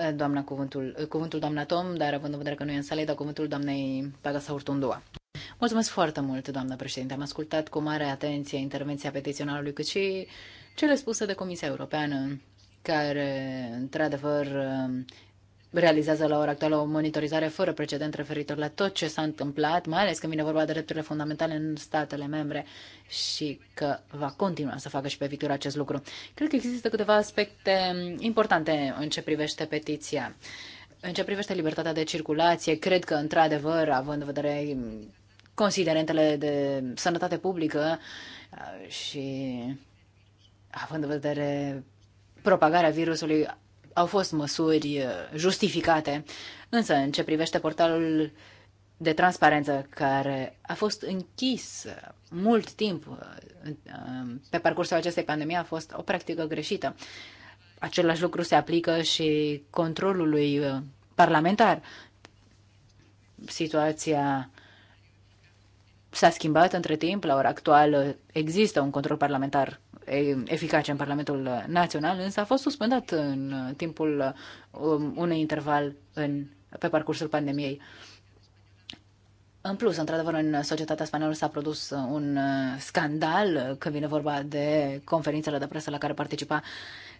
A: Eh, doamna cuvântul, eh, cuvântul doamna Tom, dar având în vedere că nu e în sală, dar cuvântul doamnei Pagasa Urtundua. Mulțumesc foarte mult, doamna președinte. Am ascultat cu mare atenție intervenția petiționarului, cât și cele spuse de Comisia Europeană, care, într-adevăr, realizează la ora actuală o monitorizare fără precedent referitor la tot ce s-a întâmplat, mai ales când vine vorba de drepturile fundamentale în statele membre și că va continua să facă și pe viitor acest lucru. Cred că există câteva aspecte importante în ce privește petiția. În ce privește libertatea de circulație, cred că, într-adevăr, având în vedere considerentele de sănătate publică uh, și având în vedere propagarea virusului, au fost măsuri uh, justificate, însă în ce privește portalul de transparență care a fost închis uh, mult timp uh, pe parcursul acestei pandemii a fost o practică greșită. Același lucru se aplică și controlului parlamentar. Situația s-a schimbat între timp, la ora actuală există un control parlamentar eficace în Parlamentul Național, însă a fost suspendat în timpul um, unui interval în, pe parcursul pandemiei. În plus, într-adevăr, în societatea spaniolă s-a produs un uh, scandal când vine vorba de conferințele de presă la care participa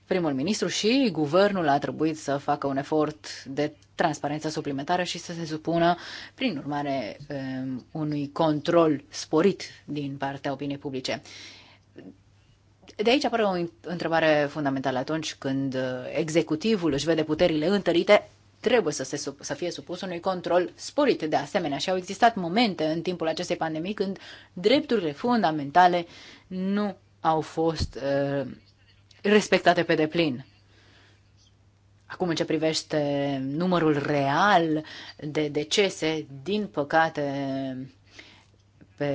A: primul ministru și guvernul a trebuit să facă un efort de transparență suplimentară și să se supună, prin urmare, um, unui control sporit din partea opiniei publice. De aici apare o întrebare fundamentală atunci când uh, executivul își vede puterile întărite, trebuie să, se, să fie supus unui control sporit de asemenea și au existat momente în timpul acestei pandemii când drepturile fundamentale nu au fost uh, respectate pe deplin. Acum, în ce privește numărul real de decese, din păcate, pe,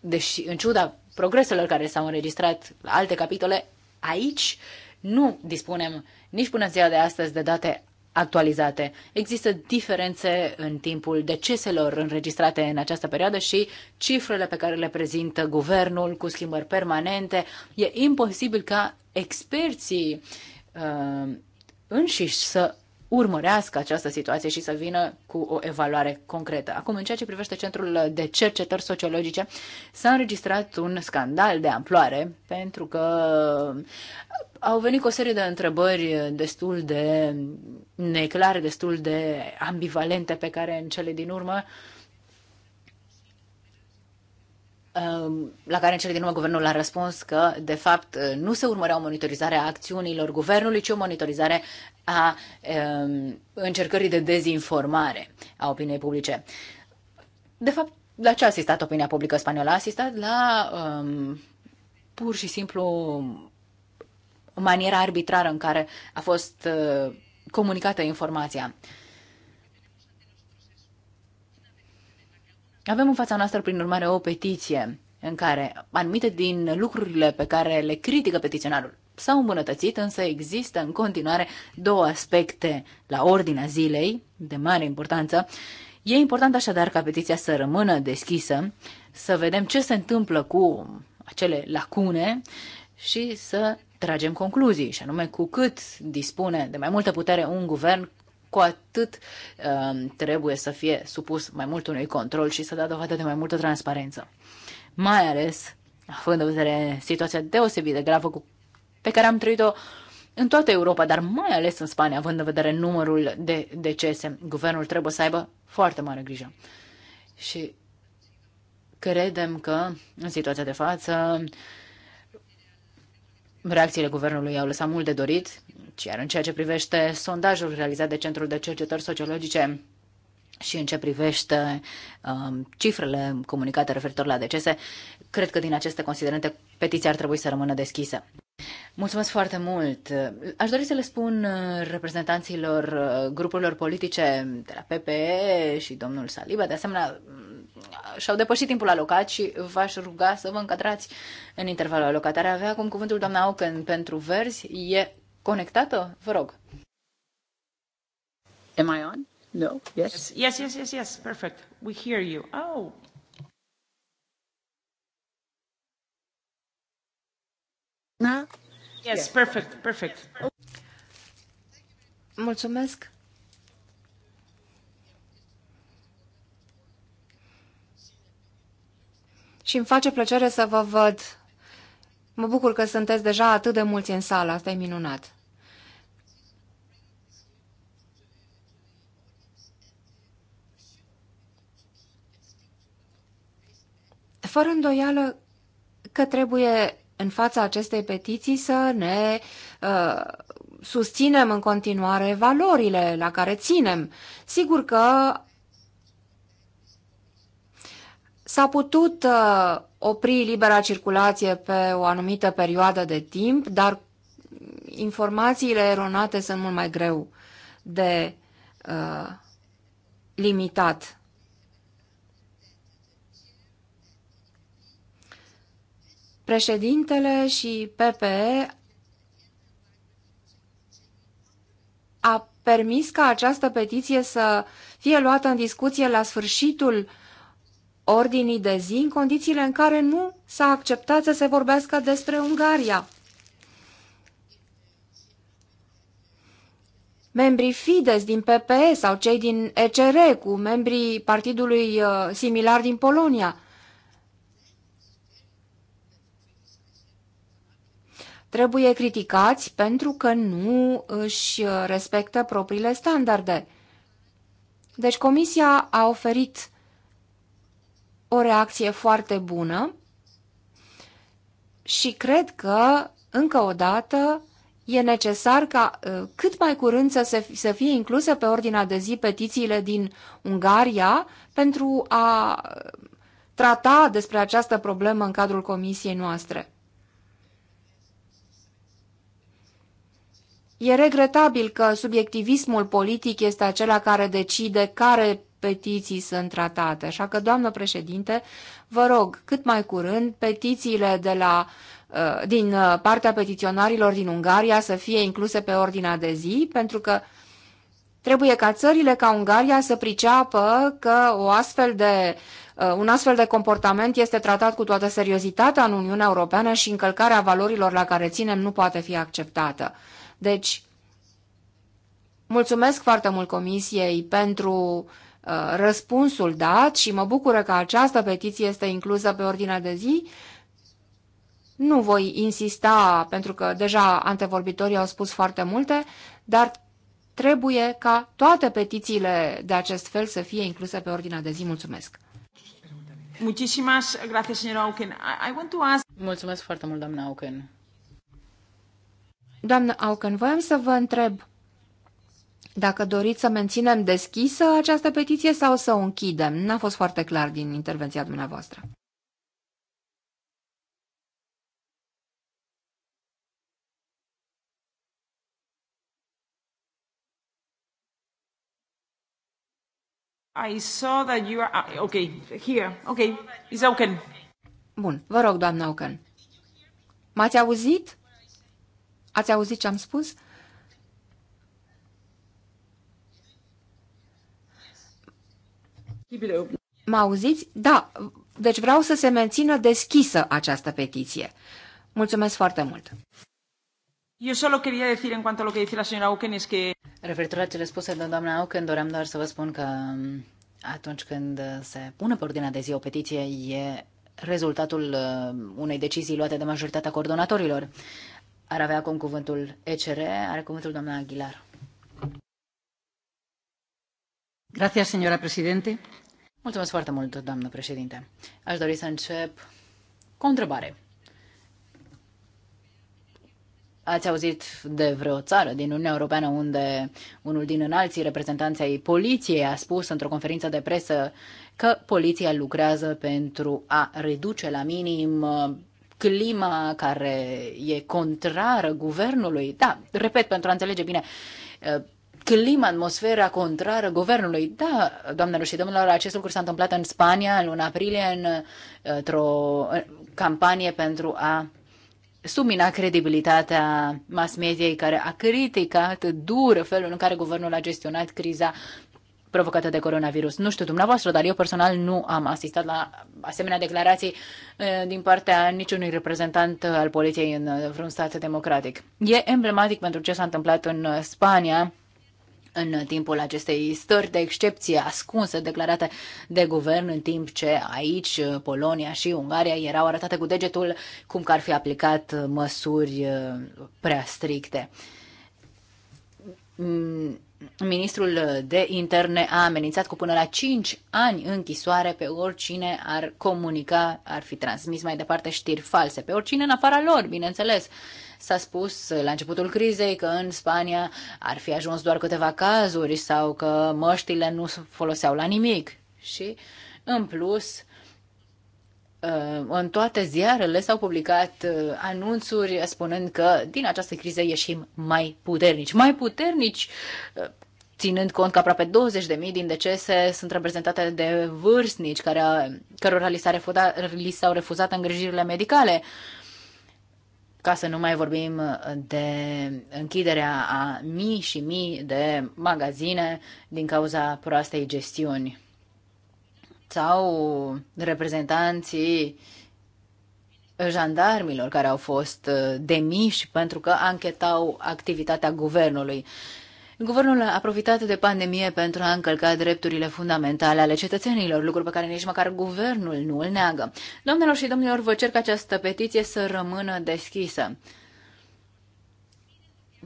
A: deși, în ciuda progreselor care s-au înregistrat la alte capitole, aici nu dispunem nici până ziua de astăzi de date actualizate. Există diferențe în timpul deceselor înregistrate în această perioadă și cifrele pe care le prezintă guvernul cu schimbări permanente. E imposibil ca experții uh, înșiși să urmărească această situație și să vină cu o evaluare concretă. Acum, în ceea ce privește Centrul de Cercetări Sociologice, s-a înregistrat un scandal de amploare pentru că au venit cu o serie de întrebări destul de neclare, destul de ambivalente pe care în cele din urmă uh, Ehm, la care în cele din urmă guvernul a răspuns că, de fapt, eh, nu se urmărea o monitorizare a acțiunilor guvernului, ci o monitorizare a um, încercării de dezinformare a opiniei publice. De fapt, la ce a asistat opinia publică spaniolă? A asistat la um, pur și simplu maniera arbitrară în care a fost uh, comunicată informația. Uh, Avem în fața noastră, prin urmare, o petiție în care anumite din lucrurile pe care le critică petiționarul s-au îmbunătățit, însă există în continuare două aspecte la ordinea zilei de mare importanță. E important așadar ca petiția să rămână deschisă, să vedem ce se întâmplă cu acele lacune și să tragem concluzii, și anume cu cât dispune de mai multă putere un guvern, cu atât um, trebuie să fie supus mai mult unui control și să dea dovadă de mai multă transparență. Mai ales având în vedere situația deosebit de gravă cu, pe care am trăit-o în toată Europa, dar mai ales în Spania, având în vedere numărul de decese. Guvernul trebuie să aibă foarte mare grijă. Și credem că, în situația de față, uh, Reacțiile guvernului au lăsat mult de dorit, iar în ceea ce privește sondajul realizat de Centrul de Cercetări Sociologice și în ce privește um, cifrele comunicate referitor la decese, cred că din aceste considerente petiția ar trebui să rămână deschisă. Mulțumesc foarte mult! Aș dori să le spun uh, reprezentanților uh, grupurilor politice de la PPE și domnul Saliba, de asemenea și-au depășit timpul alocat și v-aș ruga să vă încadrați în intervalul alocat. Are avea acum cuvântul doamna Auken pentru verzi. E conectată? Vă rog.
D: Am I on? No. Yes. Yes, yes, yes, yes. Perfect. We hear you. Oh.
C: Na? Yes, yes. perfect, perfect. Mulțumesc și îmi face plăcere să vă văd. Mă bucur că sunteți deja atât de mulți în sală, asta e minunat. Fără îndoială că trebuie în fața acestei petiții să ne uh, susținem în continuare valorile la care ținem. Sigur că S-a putut uh, opri libera circulație pe o anumită perioadă de timp, dar informațiile eronate sunt mult mai greu de uh, limitat. Președintele și PPE a permis ca această petiție să fie luată în discuție la sfârșitul ordinii de zi în condițiile în care nu s-a acceptat să se vorbească despre Ungaria. Membrii Fides din PPE sau cei din ECR cu membrii partidului uh, similar din Polonia. Trebuie criticați pentru că nu își respectă propriile standarde. Deci Comisia a oferit o reacție foarte bună și cred că, încă o dată, e necesar ca ă, cât mai curând să, se, să fie incluse pe ordinea de zi petițiile din Ungaria pentru a trata despre această problemă în cadrul comisiei noastre. E regretabil că subiectivismul politic este acela care decide care petiții sunt tratate. Așa că, doamnă președinte, vă rog, cât mai curând, petițiile de la, uh, din uh, partea petiționarilor din Ungaria să fie incluse pe ordinea de zi, pentru că trebuie ca țările ca Ungaria să priceapă că o astfel de uh, un astfel de comportament este tratat cu toată seriozitatea în Uniunea Europeană și încălcarea valorilor la care ținem nu poate fi acceptată. Deci, mulțumesc foarte mult Comisiei pentru uh, răspunsul dat și mă bucură că această petiție este inclusă pe ordinea de zi. Nu voi insista, pentru că deja antevorbitorii au spus foarte multe, dar trebuie ca toate petițiile de acest fel să fie incluse pe ordinea de zi. Mulțumesc!
D: I want to ask... Mulțumesc foarte mult, doamna
C: Auken. Doamna Auken, voiam să vă întreb dacă doriți să menținem deschisă această petiție sau să o închidem. N-a fost foarte clar din intervenția dumneavoastră.
D: I saw that you are... Uh,
C: okay, here. Okay, it's open. Bun, vă rog, doamna Ocan. M-ați auzit? Ați auzit ce am spus? Mă auziți? Da, deci vreau să se mențină deschisă această petiție. Mulțumesc foarte mult!
D: Eu solo quería decir en cuanto a lo que dice la señora Auken es que...
A: Referitor la cele spuse de doamna Auken, doream doar să vă spun că mm, atunci când se pune pe ordinea de zi o petiție, e rezultatul mm, unei decizii luate de majoritatea coordonatorilor. Ar avea acum cuvântul ECR, are cuvântul doamna Aguilar. Gracias, señora presidente. Mulțumesc foarte mult, doamnă președinte. Aș dori să încep cu o întrebare. Ați auzit de vreo țară din Uniunea Europeană unde unul din înalții reprezentanți ai poliției a spus într-o conferință de presă că poliția lucrează pentru a reduce la minim uh, clima care e contrară guvernului. Da, repet, pentru a înțelege bine, uh, clima, atmosfera contrară guvernului. Da, doamnelor și domnilor, acest lucru s-a întâmplat în Spania în luna aprilie într-o campanie pentru a submina credibilitatea mass mediei care a criticat dur felul în care guvernul a gestionat criza provocată de coronavirus. Nu știu dumneavoastră, dar eu personal nu am asistat la asemenea declarații din partea niciunui reprezentant al poliției în vreun stat democratic. E emblematic pentru ce s-a întâmplat în Spania în timpul acestei stări de excepție ascunse declarate de guvern, în timp ce aici Polonia și Ungaria erau arătate cu degetul cum că ar fi aplicat măsuri uh, prea stricte. Mm, ministrul de interne a amenințat cu până la 5 ani închisoare pe oricine ar comunica, ar fi transmis mai departe știri false, pe oricine în afara lor, bineînțeles. Uh, S-a spus la începutul crizei că în Spania ar fi ajuns doar câteva cazuri sau că măștile nu foloseau la nimic. Și, în plus, uh, în toate ziarele s-au publicat uh, anunțuri spunând că din această criză ieșim mai puternici. Mai puternici uh, ținând cont că aproape 20.000 din decese sunt reprezentate de vârstnici care, cărora li, s au refuzat, au refuzat îngrijirile medicale. Uh, ca să nu mai vorbim uh, de închiderea a mii și mii de magazine din cauza proastei gestiuni sau reprezentanții jandarmilor care au fost uh, demiși pentru că anchetau activitatea guvernului. Guvernul a profitat de pandemie pentru a încălca drepturile fundamentale ale cetățenilor, lucru pe care nici măcar guvernul nu îl neagă. Doamnelor și domnilor, vă cer ca această petiție să rămână deschisă.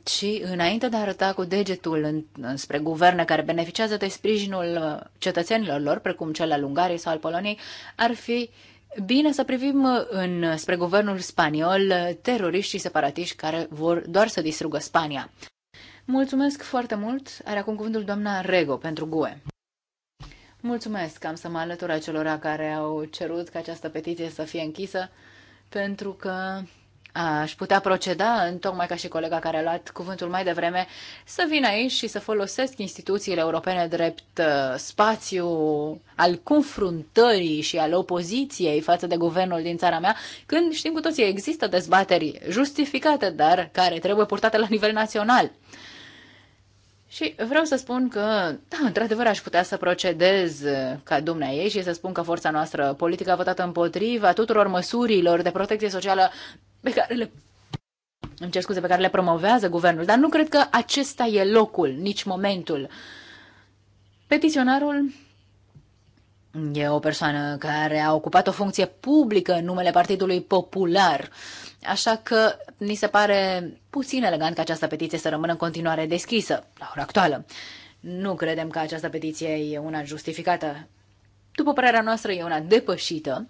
A: Și înainte de a arăta cu degetul spre guverne care beneficiază de sprijinul uh, cetățenilor lor, precum cel al Ungariei sau al Poloniei, ar fi Bine să privim uh, în, spre guvernul spaniol uh, teroriștii separatiști care vor doar să distrugă Spania. Mulțumesc foarte mult. Are acum cuvântul doamna Rego pentru GUE. Mulțumesc, am să mă alătur acelora care au cerut ca această petiție să fie închisă, pentru că aș putea proceda, tocmai ca și colega care a luat cuvântul mai devreme, să vin aici și să folosesc instituțiile europene drept uh, spațiu al confruntării și al opoziției față de guvernul din țara mea, când știm cu toții există dezbateri justificate, dar care trebuie purtate la nivel național. Și vreau să spun că, da, într-adevăr aș putea să procedez uh, ca dumnea ei și să spun că forța noastră politică a votat împotriva tuturor măsurilor de protecție socială pe care le îmi cer scuze, pe care le promovează guvernul, dar nu cred că acesta e locul, nici momentul. Petiționarul e o persoană care a ocupat o funcție publică în numele Partidului Popular. Așa că ni se pare puțin elegant ca această petiție să rămână în continuare deschisă, la ora actuală. Nu credem că această petiție e una justificată. După părerea noastră, e una depășită.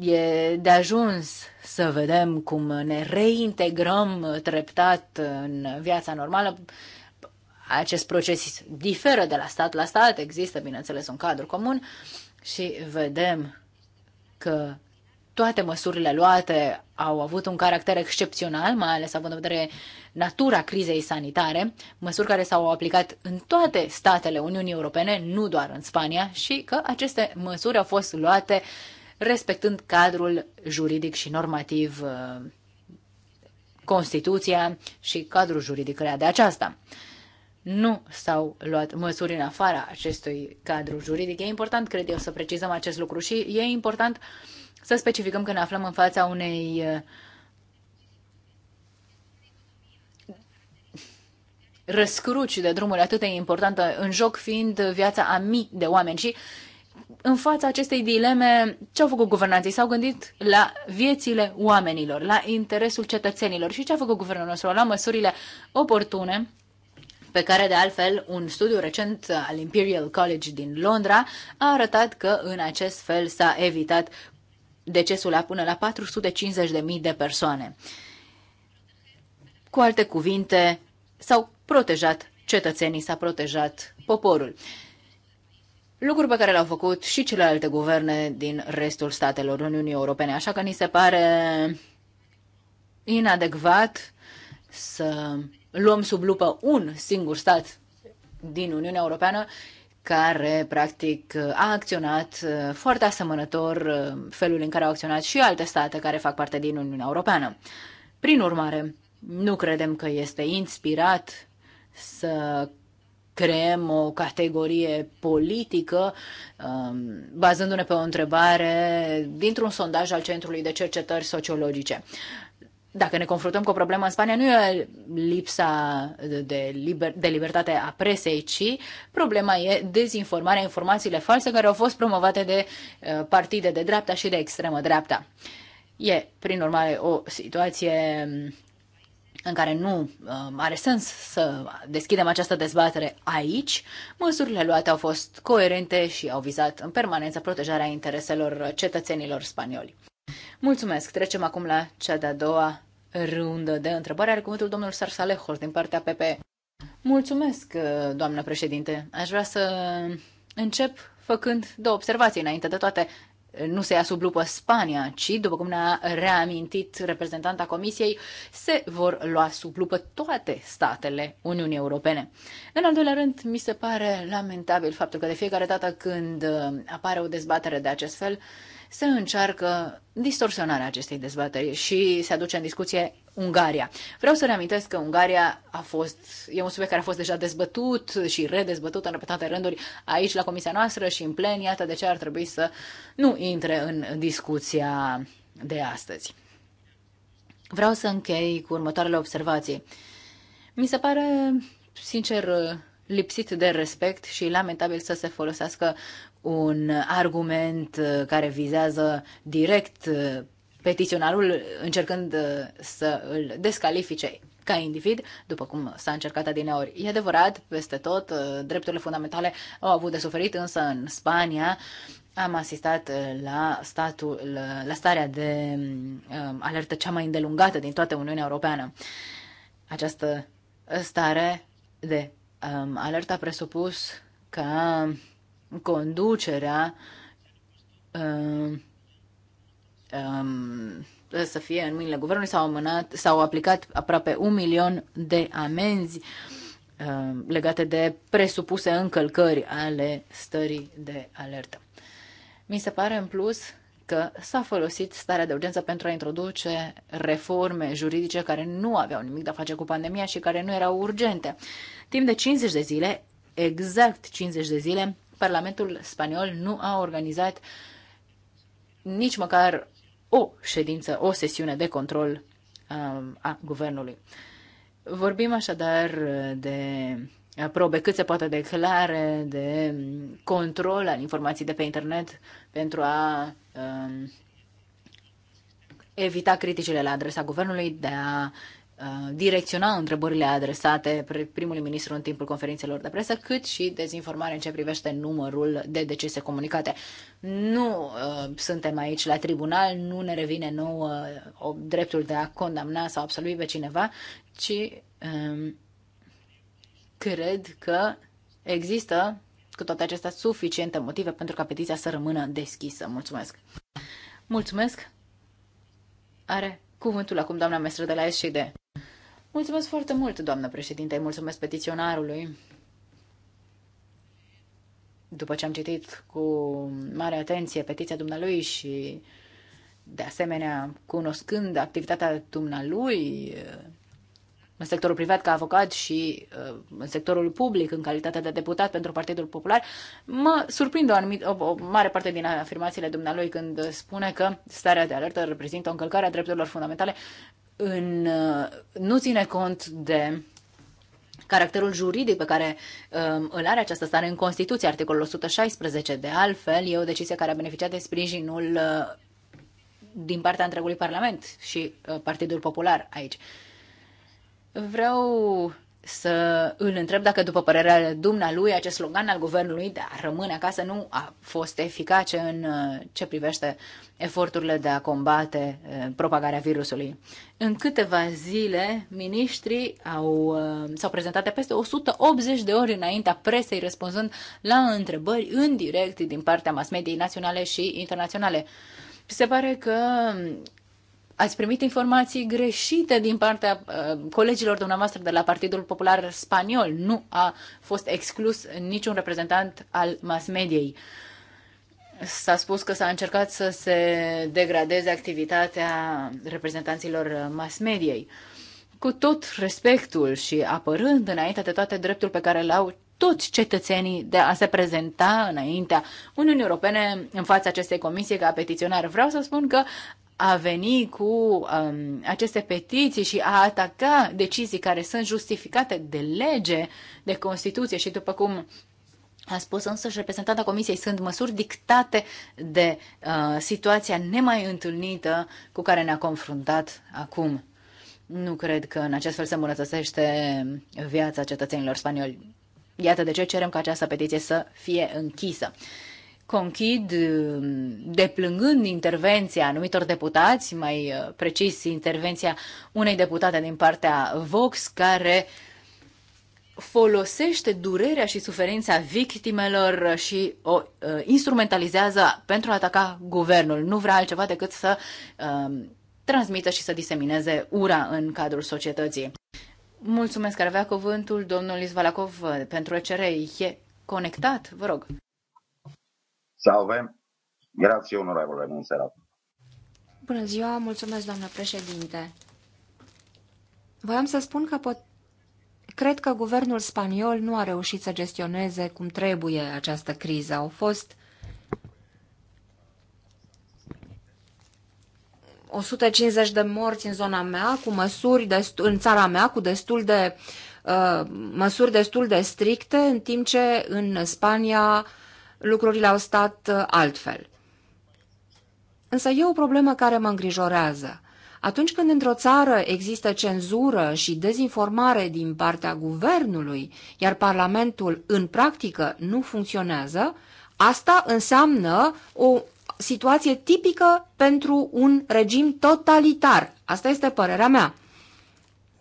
A: E de ajuns să vedem cum ne reintegrăm treptat în viața normală. Acest proces diferă de la stat la stat, există, bineînțeles, un cadru comun și vedem că toate măsurile luate au avut un caracter excepțional, mai ales având în vedere natura crizei sanitare, măsuri care s-au aplicat în toate statele Uniunii Europene, nu doar în Spania, și că aceste măsuri au fost luate respectând cadrul juridic și normativ uh, Constituția și cadrul juridic creat de aceasta. Nu s-au luat măsuri în afara acestui cadru juridic. E important, cred eu, să precizăm acest lucru și e important să specificăm că ne aflăm în fața unei uh, răscruci de drumuri atât de importantă, în joc fiind viața a mii de oameni și în fața acestei dileme, ce au făcut guvernanții? S-au gândit la viețile oamenilor, la interesul cetățenilor și ce a făcut guvernul nostru? A luat măsurile oportune pe care de altfel un studiu recent al Imperial College din Londra a arătat că în acest fel s-a evitat decesul a până la 450.000 de persoane. Cu alte cuvinte, s-au protejat cetățenii, s-a protejat poporul. Lucruri pe care le-au făcut și celelalte guverne din restul statelor Uniunii Europene, așa că ni se pare inadecvat să luăm sub lupă un singur stat din Uniunea Europeană care practic a acționat uh, foarte asemănător uh, felul în care au acționat și alte state care fac parte din Uniunea Europeană. Prin urmare, nu credem că este inspirat să creăm o categorie politică um, bazându-ne pe o întrebare dintr-un sondaj al Centrului de Cercetări Sociologice dacă ne confruntăm cu o problemă în Spania, nu e lipsa de, liber, de libertate a presei, ci problema e dezinformarea, informațiile false care au fost promovate de uh, partide de dreapta și de extremă dreapta. E, prin urmare, o situație um, în care nu um, are sens să deschidem această dezbatere aici, măsurile luate au fost coerente și au vizat în permanență protejarea intereselor cetățenilor spanioli. Mulțumesc. Trecem acum la cea de-a doua rundă de întrebare. Are cuvântul domnul Sarsalehos din partea PP. Mulțumesc, doamnă președinte. Aș vrea să încep făcând două observații înainte de toate. Nu se ia sub lupă Spania, ci, după cum ne-a reamintit reprezentanta Comisiei, se vor lua sub lupă toate statele Uniunii Europene. În al doilea rând, mi se pare lamentabil faptul că de fiecare dată când apare o dezbatere de acest fel, se încearcă distorsionarea acestei dezbateri și se aduce în discuție Ungaria. Vreau să reamintesc că Ungaria a fost, e un subiect care a fost deja dezbătut și redezbătut în repetate rânduri aici la comisia noastră și în plen, iată de ce ar trebui să nu intre în discuția de astăzi. Vreau să închei cu următoarele observații. Mi se pare, sincer, lipsit de respect și lamentabil să se folosească un argument uh, care vizează direct uh, petiționarul încercând uh, să îl descalifice ca individ, după cum s-a încercat adineori. E adevărat, peste tot, drepturile fundamentale au avut de suferit, însă în Spania am asistat la, statul, la starea de um, alertă cea mai îndelungată din toată Uniunea Europeană. Această stare de um, alertă a presupus că conducerea uh, um, um să fie în mâinile guvernului. S-au, amânat, s-au aplicat aproape un milion de amenzi um, legate de presupuse încălcări ale stării de alertă. Mi se pare în plus că s-a folosit starea de urgență pentru a introduce reforme juridice care nu aveau nimic de a face cu pandemia și care nu erau urgente. Timp de 50 de zile, exact 50 de zile, Parlamentul spaniol nu a organizat nici măcar o ședință, o sesiune de control um, a guvernului. Vorbim așadar de probe cât se poate declare, de control al informației de pe internet pentru a um, evita criticile la adresa guvernului, de a Uh, direcționa întrebările adresate primului ministru în timpul conferințelor de presă, cât și dezinformare în ce privește numărul de decese comunicate. Nu uh, suntem aici la tribunal, nu ne revine nouă uh, dreptul de a condamna sau absolvi pe cineva, ci uh, cred că există cu toate acestea suficiente motive pentru ca petiția să rămână deschisă. Mulțumesc! Mulțumesc! Are Cuvântul acum, doamna mestră de la SCD. Mulțumesc foarte mult, doamnă președinte, mulțumesc petiționarului. După ce am citit cu mare atenție petiția dumnealui și, de asemenea, cunoscând activitatea dumnealui, în sectorul privat ca avocat și uh, în sectorul public în calitate de deputat pentru Partidul Popular, mă surprinde o, anumit, o, o mare parte din afirmațiile dumnealui când spune că starea de alertă reprezintă o încălcare a drepturilor fundamentale în, uh, nu ține cont de caracterul juridic pe care um, îl are această stare în Constituție, articolul 116. De altfel, e o decizie care a beneficiat de sprijinul uh, din partea întregului Parlament și uh, Partidul Popular aici. Uh, Vreau să îl întreb dacă, după părerea dumnealui, acest slogan al guvernului de a rămâne acasă nu a fost eficace în uh, ce privește eforturile de a combate uh, propagarea virusului. În câteva zile, miniștrii au, uh, s-au prezentat de peste 180 de ori înaintea presei, răspunzând la întrebări în direct din partea mass-mediei naționale și internaționale. Se pare că ați primit informații greșite din partea uh, colegilor dumneavoastră de la Partidul Popular Spaniol. Nu a fost exclus niciun reprezentant al mass mediei. S-a spus că s-a încercat să se degradeze activitatea reprezentanților mass mediei. Cu tot respectul și apărând înainte de toate dreptul pe care îl au toți cetățenii de a se prezenta înaintea Uniunii Europene în fața acestei comisii ca petiționar. Vreau să spun că a veni cu um, aceste petiții și a ataca decizii care sunt justificate de lege, de Constituție și după cum a spus și reprezentanta Comisiei, sunt măsuri dictate de uh, situația nemai întâlnită cu care ne-a confruntat acum. Nu cred că în acest fel se îmbunătățește viața cetățenilor spanioli. Iată de ce cerem ca această petiție să fie închisă conchid um, deplângând intervenția anumitor deputați, mai uh, precis intervenția unei deputate din partea Vox, care folosește durerea și suferința victimelor și o uh, instrumentalizează pentru a ataca guvernul. Nu vrea altceva decât să uh, transmită și să disemineze ura în cadrul societății. Mulțumesc că avea cuvântul domnul Izvalacov uh, pentru ECR. E conectat? Vă rog.
B: Salve! Grație, onorevole Monserrat.
C: Bună ziua, mulțumesc, doamnă președinte. Voiam să spun că pot... cred că guvernul spaniol nu a reușit să gestioneze cum trebuie această criză. Au fost 150 de morți în zona mea, cu măsuri destul, în țara mea, cu destul de uh, măsuri destul de stricte, în timp ce în Spania lucrurile au stat uh, altfel. Însă e o problemă care mă îngrijorează. Atunci când într-o țară există cenzură și dezinformare din partea guvernului, iar Parlamentul în practică nu funcționează, asta înseamnă o situație tipică pentru un regim totalitar. Asta este părerea mea.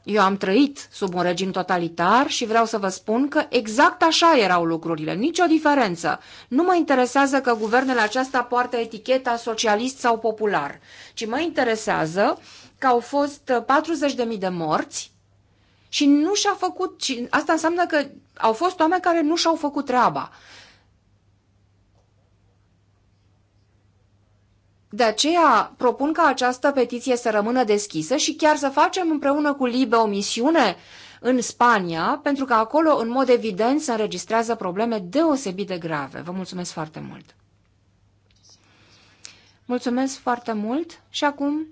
C: Eu am trăit sub un regim totalitar și vreau să vă spun că exact așa erau lucrurile, nicio diferență. Nu mă interesează că guvernele acestea poartă eticheta socialist sau popular, ci mă interesează că au fost 40.000 uh, de morți și nu și-a făcut, și asta înseamnă că au fost oameni care nu și-au făcut treaba. De aceea propun ca această petiție să rămână deschisă și chiar să facem împreună cu Libe o misiune în Spania, pentru că acolo, în mod evident, se înregistrează probleme deosebit de grave. Vă mulțumesc foarte mult! Mulțumesc foarte mult și acum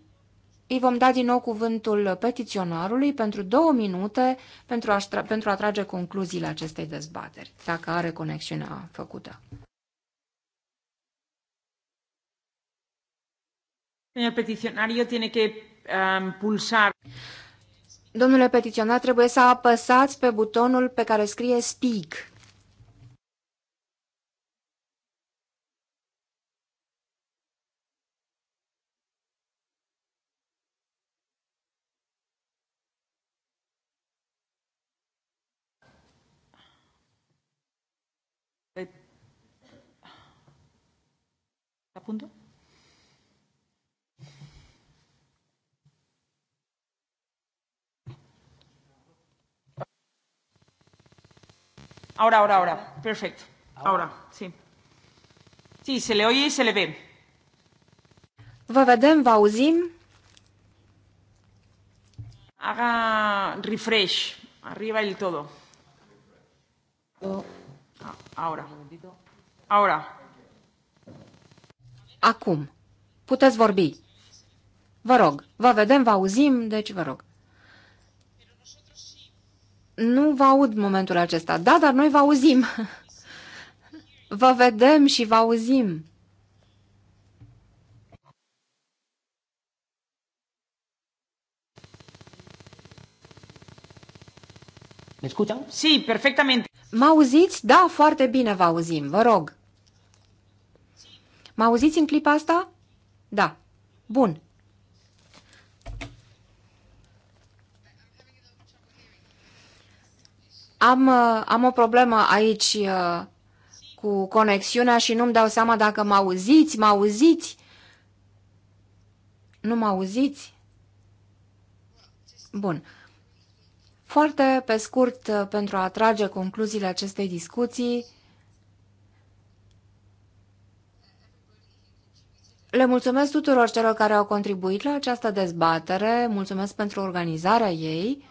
C: îi vom da din nou cuvântul petiționarului pentru două minute pentru a, pentru a trage concluziile acestei dezbateri, dacă are conexiunea făcută.
D: Señor peticionario, um,
C: Domnule petiționar, trebuie să apăsați pe butonul pe care scrie Speak.
D: punto? Ahora, ahora, ahora. Perfecto. Ahora, sí. Sí, se le oye y se le ve.
C: Vă vedem, vă auzim.
D: Haga refresh. Arriba el todo. Ah, ahora. Ahora.
C: Acum. Puteți vorbi. Vă rog, vă vedem, vă auzim, deci vă rog. Nu vă aud momentul acesta. Da, dar noi vă auzim. Vă vedem și vă auzim.
D: ¿Me escuchan? Sí, perfectamente.
C: Mă auziți? Da, foarte bine vă auzim, vă rog. Mă auziți în clipa asta? Da. Bun. Am, uh, am o problemă aici uh, cu conexiunea și nu-mi dau seama dacă mă auziți, mă auziți. Nu mă auziți? Bun. Foarte pe scurt, uh, pentru a atrage concluziile acestei discuții, le mulțumesc tuturor celor care au contribuit la această dezbatere, mulțumesc pentru organizarea ei,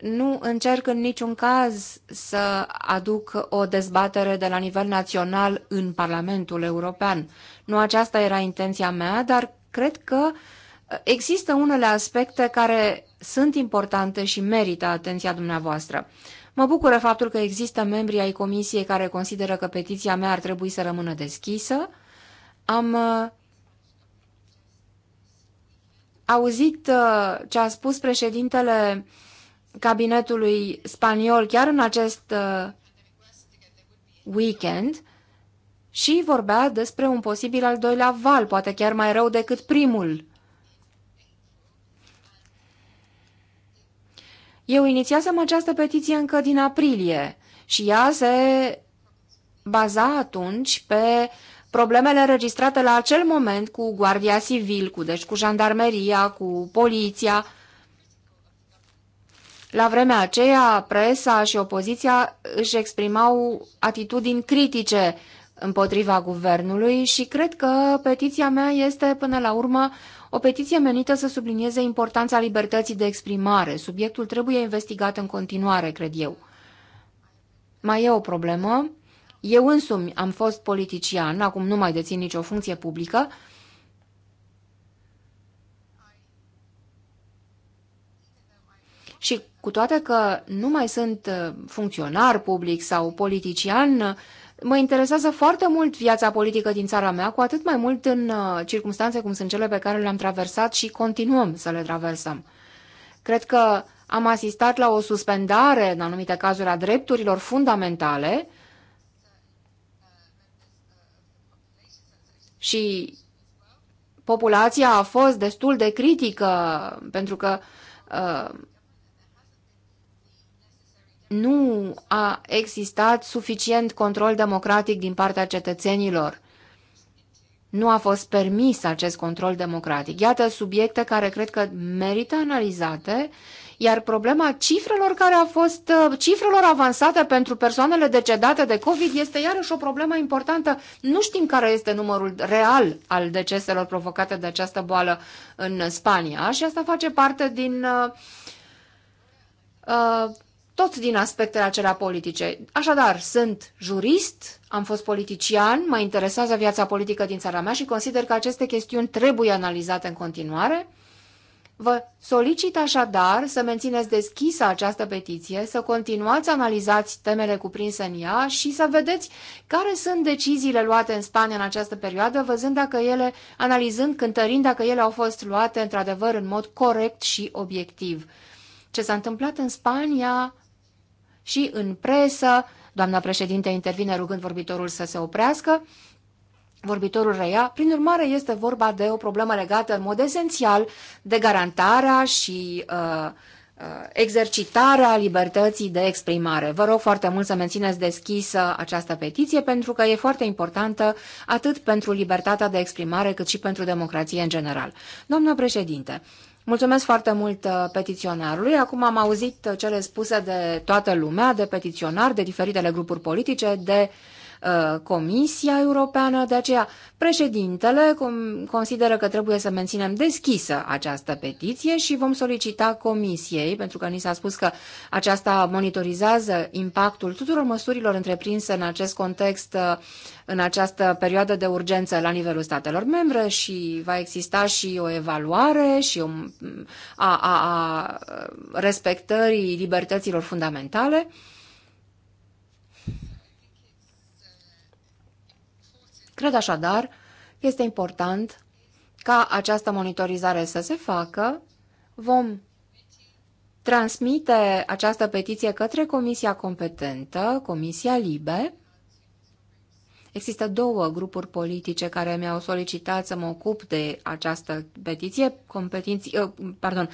C: nu încerc în niciun caz să aduc o dezbatere de la nivel național în Parlamentul European. Nu aceasta era intenția mea, dar cred că uh, există unele aspecte care sunt importante și merită atenția dumneavoastră. Mă bucură faptul că există membri ai comisiei care consideră că petiția mea ar trebui să rămână deschisă. Am uh, auzit uh, ce a spus președintele cabinetului spaniol chiar în acest uh, weekend și vorbea despre un posibil al doilea val, poate chiar mai rău decât primul. Eu inițiasem această petiție încă din aprilie și ea se baza atunci pe problemele înregistrate la acel moment cu Guardia Civil, cu, deci cu jandarmeria, cu poliția, la vremea aceea, presa și opoziția își exprimau atitudini critice împotriva guvernului și cred că petiția mea este, până la urmă, o petiție menită să sublinieze importanța libertății de exprimare. Subiectul trebuie investigat în continuare, cred eu. Mai e o problemă. Eu însumi am fost politician, acum nu mai dețin nicio funcție publică, Și cu toate că nu mai sunt uh, funcționar public sau politician, uh, mă interesează foarte mult viața politică din țara mea, cu atât mai mult în uh, circunstanțe cum sunt cele pe care le-am traversat și continuăm să le traversăm. Cred că am asistat la o suspendare, în anumite cazuri, a drepturilor fundamentale și populația a fost destul de critică pentru că uh, nu a existat suficient control democratic din partea cetățenilor. Nu a fost permis acest control democratic. Iată subiecte care cred că merită analizate, iar problema cifrelor care a fost, uh, cifrelor avansate pentru persoanele decedate de COVID este iarăși o problemă importantă. Nu știm care este numărul real al deceselor provocate de această boală în Spania și asta face parte din uh, uh tot din aspectele acelea politice. Așadar, sunt jurist, am fost politician, mă interesează viața politică din țara mea și consider că aceste chestiuni trebuie analizate în continuare. Vă solicit așadar să mențineți deschisă această petiție, să continuați analizați temele cuprinse în ea și să vedeți care sunt deciziile luate în Spania în această perioadă, văzând dacă ele, analizând, cântărind dacă ele au fost luate într-adevăr în mod corect și obiectiv. Ce s-a întâmplat în Spania și în presă, doamna președinte intervine rugând vorbitorul să se oprească, vorbitorul reia, prin urmare este vorba de o problemă legată în mod esențial de garantarea și uh, uh, exercitarea libertății de exprimare. Vă rog foarte mult să mențineți deschisă această petiție pentru că e foarte importantă atât pentru libertatea de exprimare cât și pentru democrație în general. Doamna președinte, Mulțumesc foarte mult uh, petiționarului. Acum am auzit uh, cele spuse de toată lumea, de petiționari, de diferitele grupuri politice, de uh, Uh, Comisia Europeană, de aceea președintele consideră că trebuie să menținem deschisă această petiție și vom solicita Comisiei, pentru că ni s-a spus că aceasta monitorizează impactul tuturor măsurilor întreprinse în acest context uh, în această perioadă de urgență la nivelul statelor membre și va exista și o evaluare și o, a, a, a respectării libertăților fundamentale. Cred așadar, este important ca această monitorizare să se facă. Vom transmite această petiție către comisia competentă, Comisia Libe. Există două grupuri politice care mi-au solicitat să mă ocup de această petiție, competiție, uh, pardon,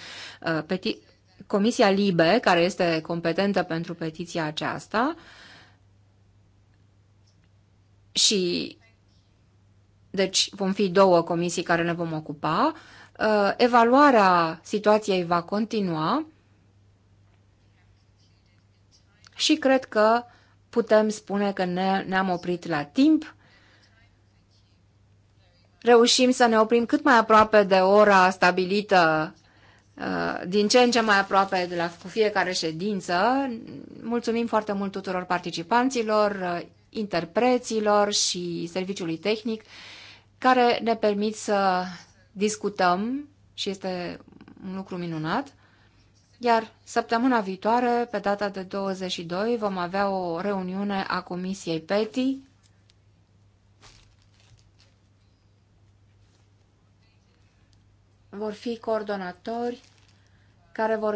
C: uh, peti, Comisia Libe, care este competentă pentru petiția aceasta, și deci vom fi două comisii care ne vom ocupa. Uh, evaluarea situației va continua și cred că putem spune că ne, ne-am oprit la timp. Reușim să ne oprim cât mai aproape de ora stabilită, uh, din ce în ce mai aproape de la cu fiecare ședință. Mulțumim foarte mult tuturor participanților, uh, interpreților și serviciului tehnic care ne permit să discutăm și este un lucru minunat. Iar săptămâna viitoare, pe data de 22, vom avea o reuniune a Comisiei PETI vor fi coordonatori care vor